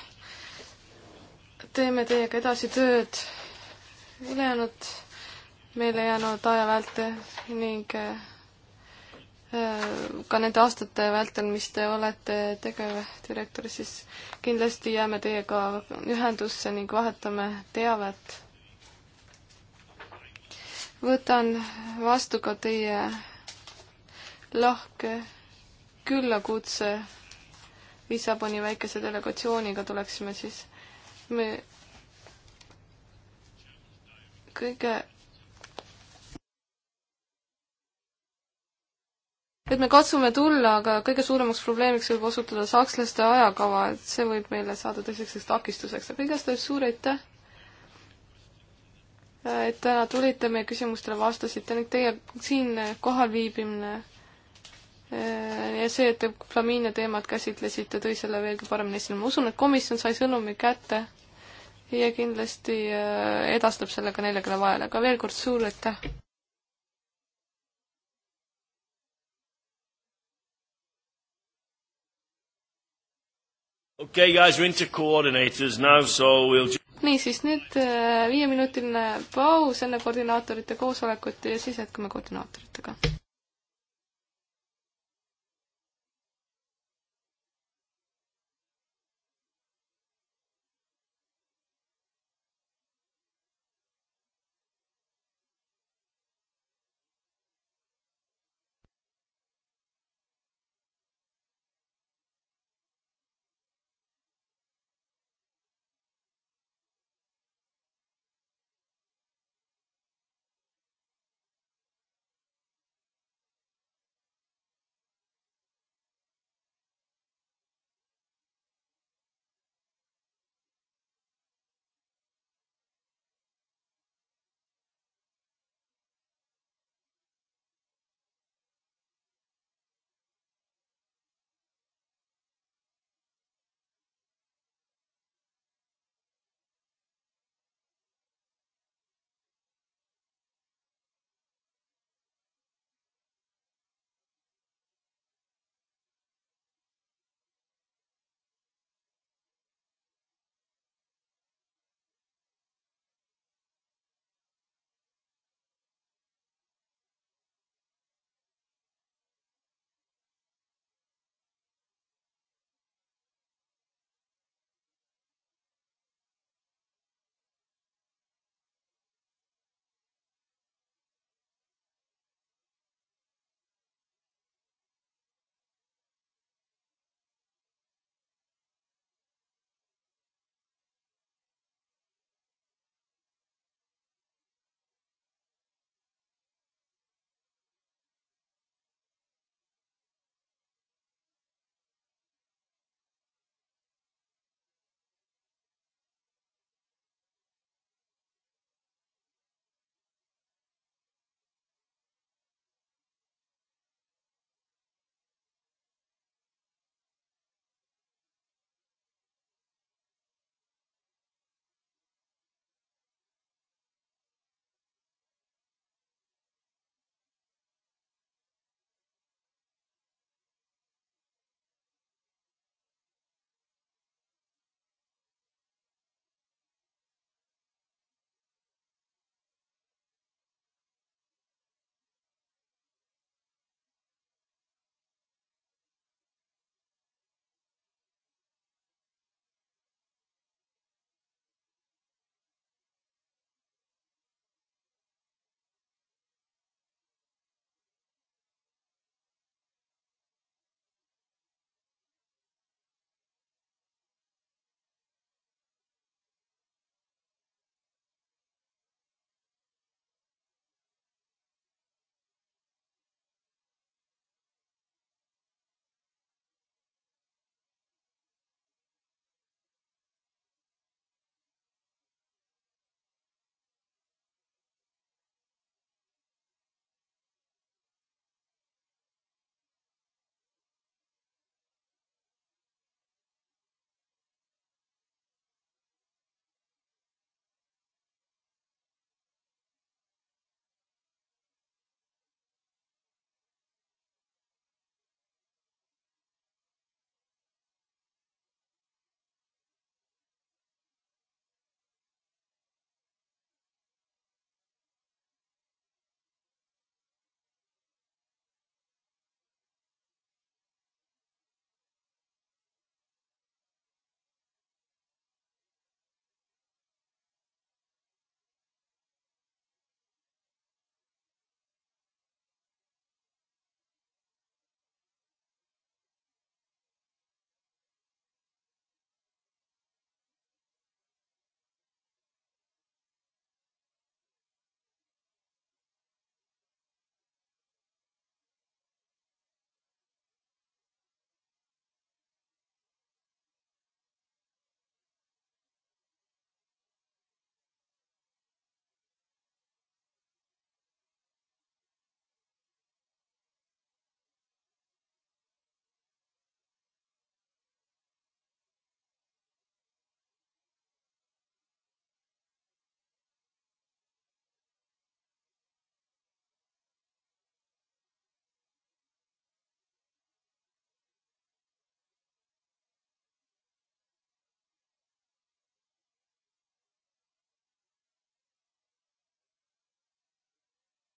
teeme teiega edasi tööd ülejäänud meile jäänud aja vältel ning äh, äh, ka nende aastate vältel, mis te olete tegevdirektor, siis kindlasti jääme teiega ühendusse ning vahetame teavet. võtan vastu ka teie lahke küllakutse Lissaboni väikese delegatsiooniga tuleksime, siis me kõige et me katsume tulla, aga kõige suuremaks probleemiks võib osutuda sakslaste ajakava, et see võib meile saada tõsiseks takistuseks, aga igastahes suur aitäh! et täna tulite, meie küsimustele vastasite ning teie siin kohal viibimine Äh, ja see, et te Flaminia teemat käsitlesite, tõi selle veelgi paremini esile. ma usun, et komisjon sai sõnumi kätte ja kindlasti äh, edastab selle ka neile, kelle vahel, aga veel kord suur aitäh! Okay, guys, we're into coordinators now, so we'll niisiis, nüüd äh, viieminutiline paus enne koordinaatorite koosolekut ja siis jätkame koordinaatoritega.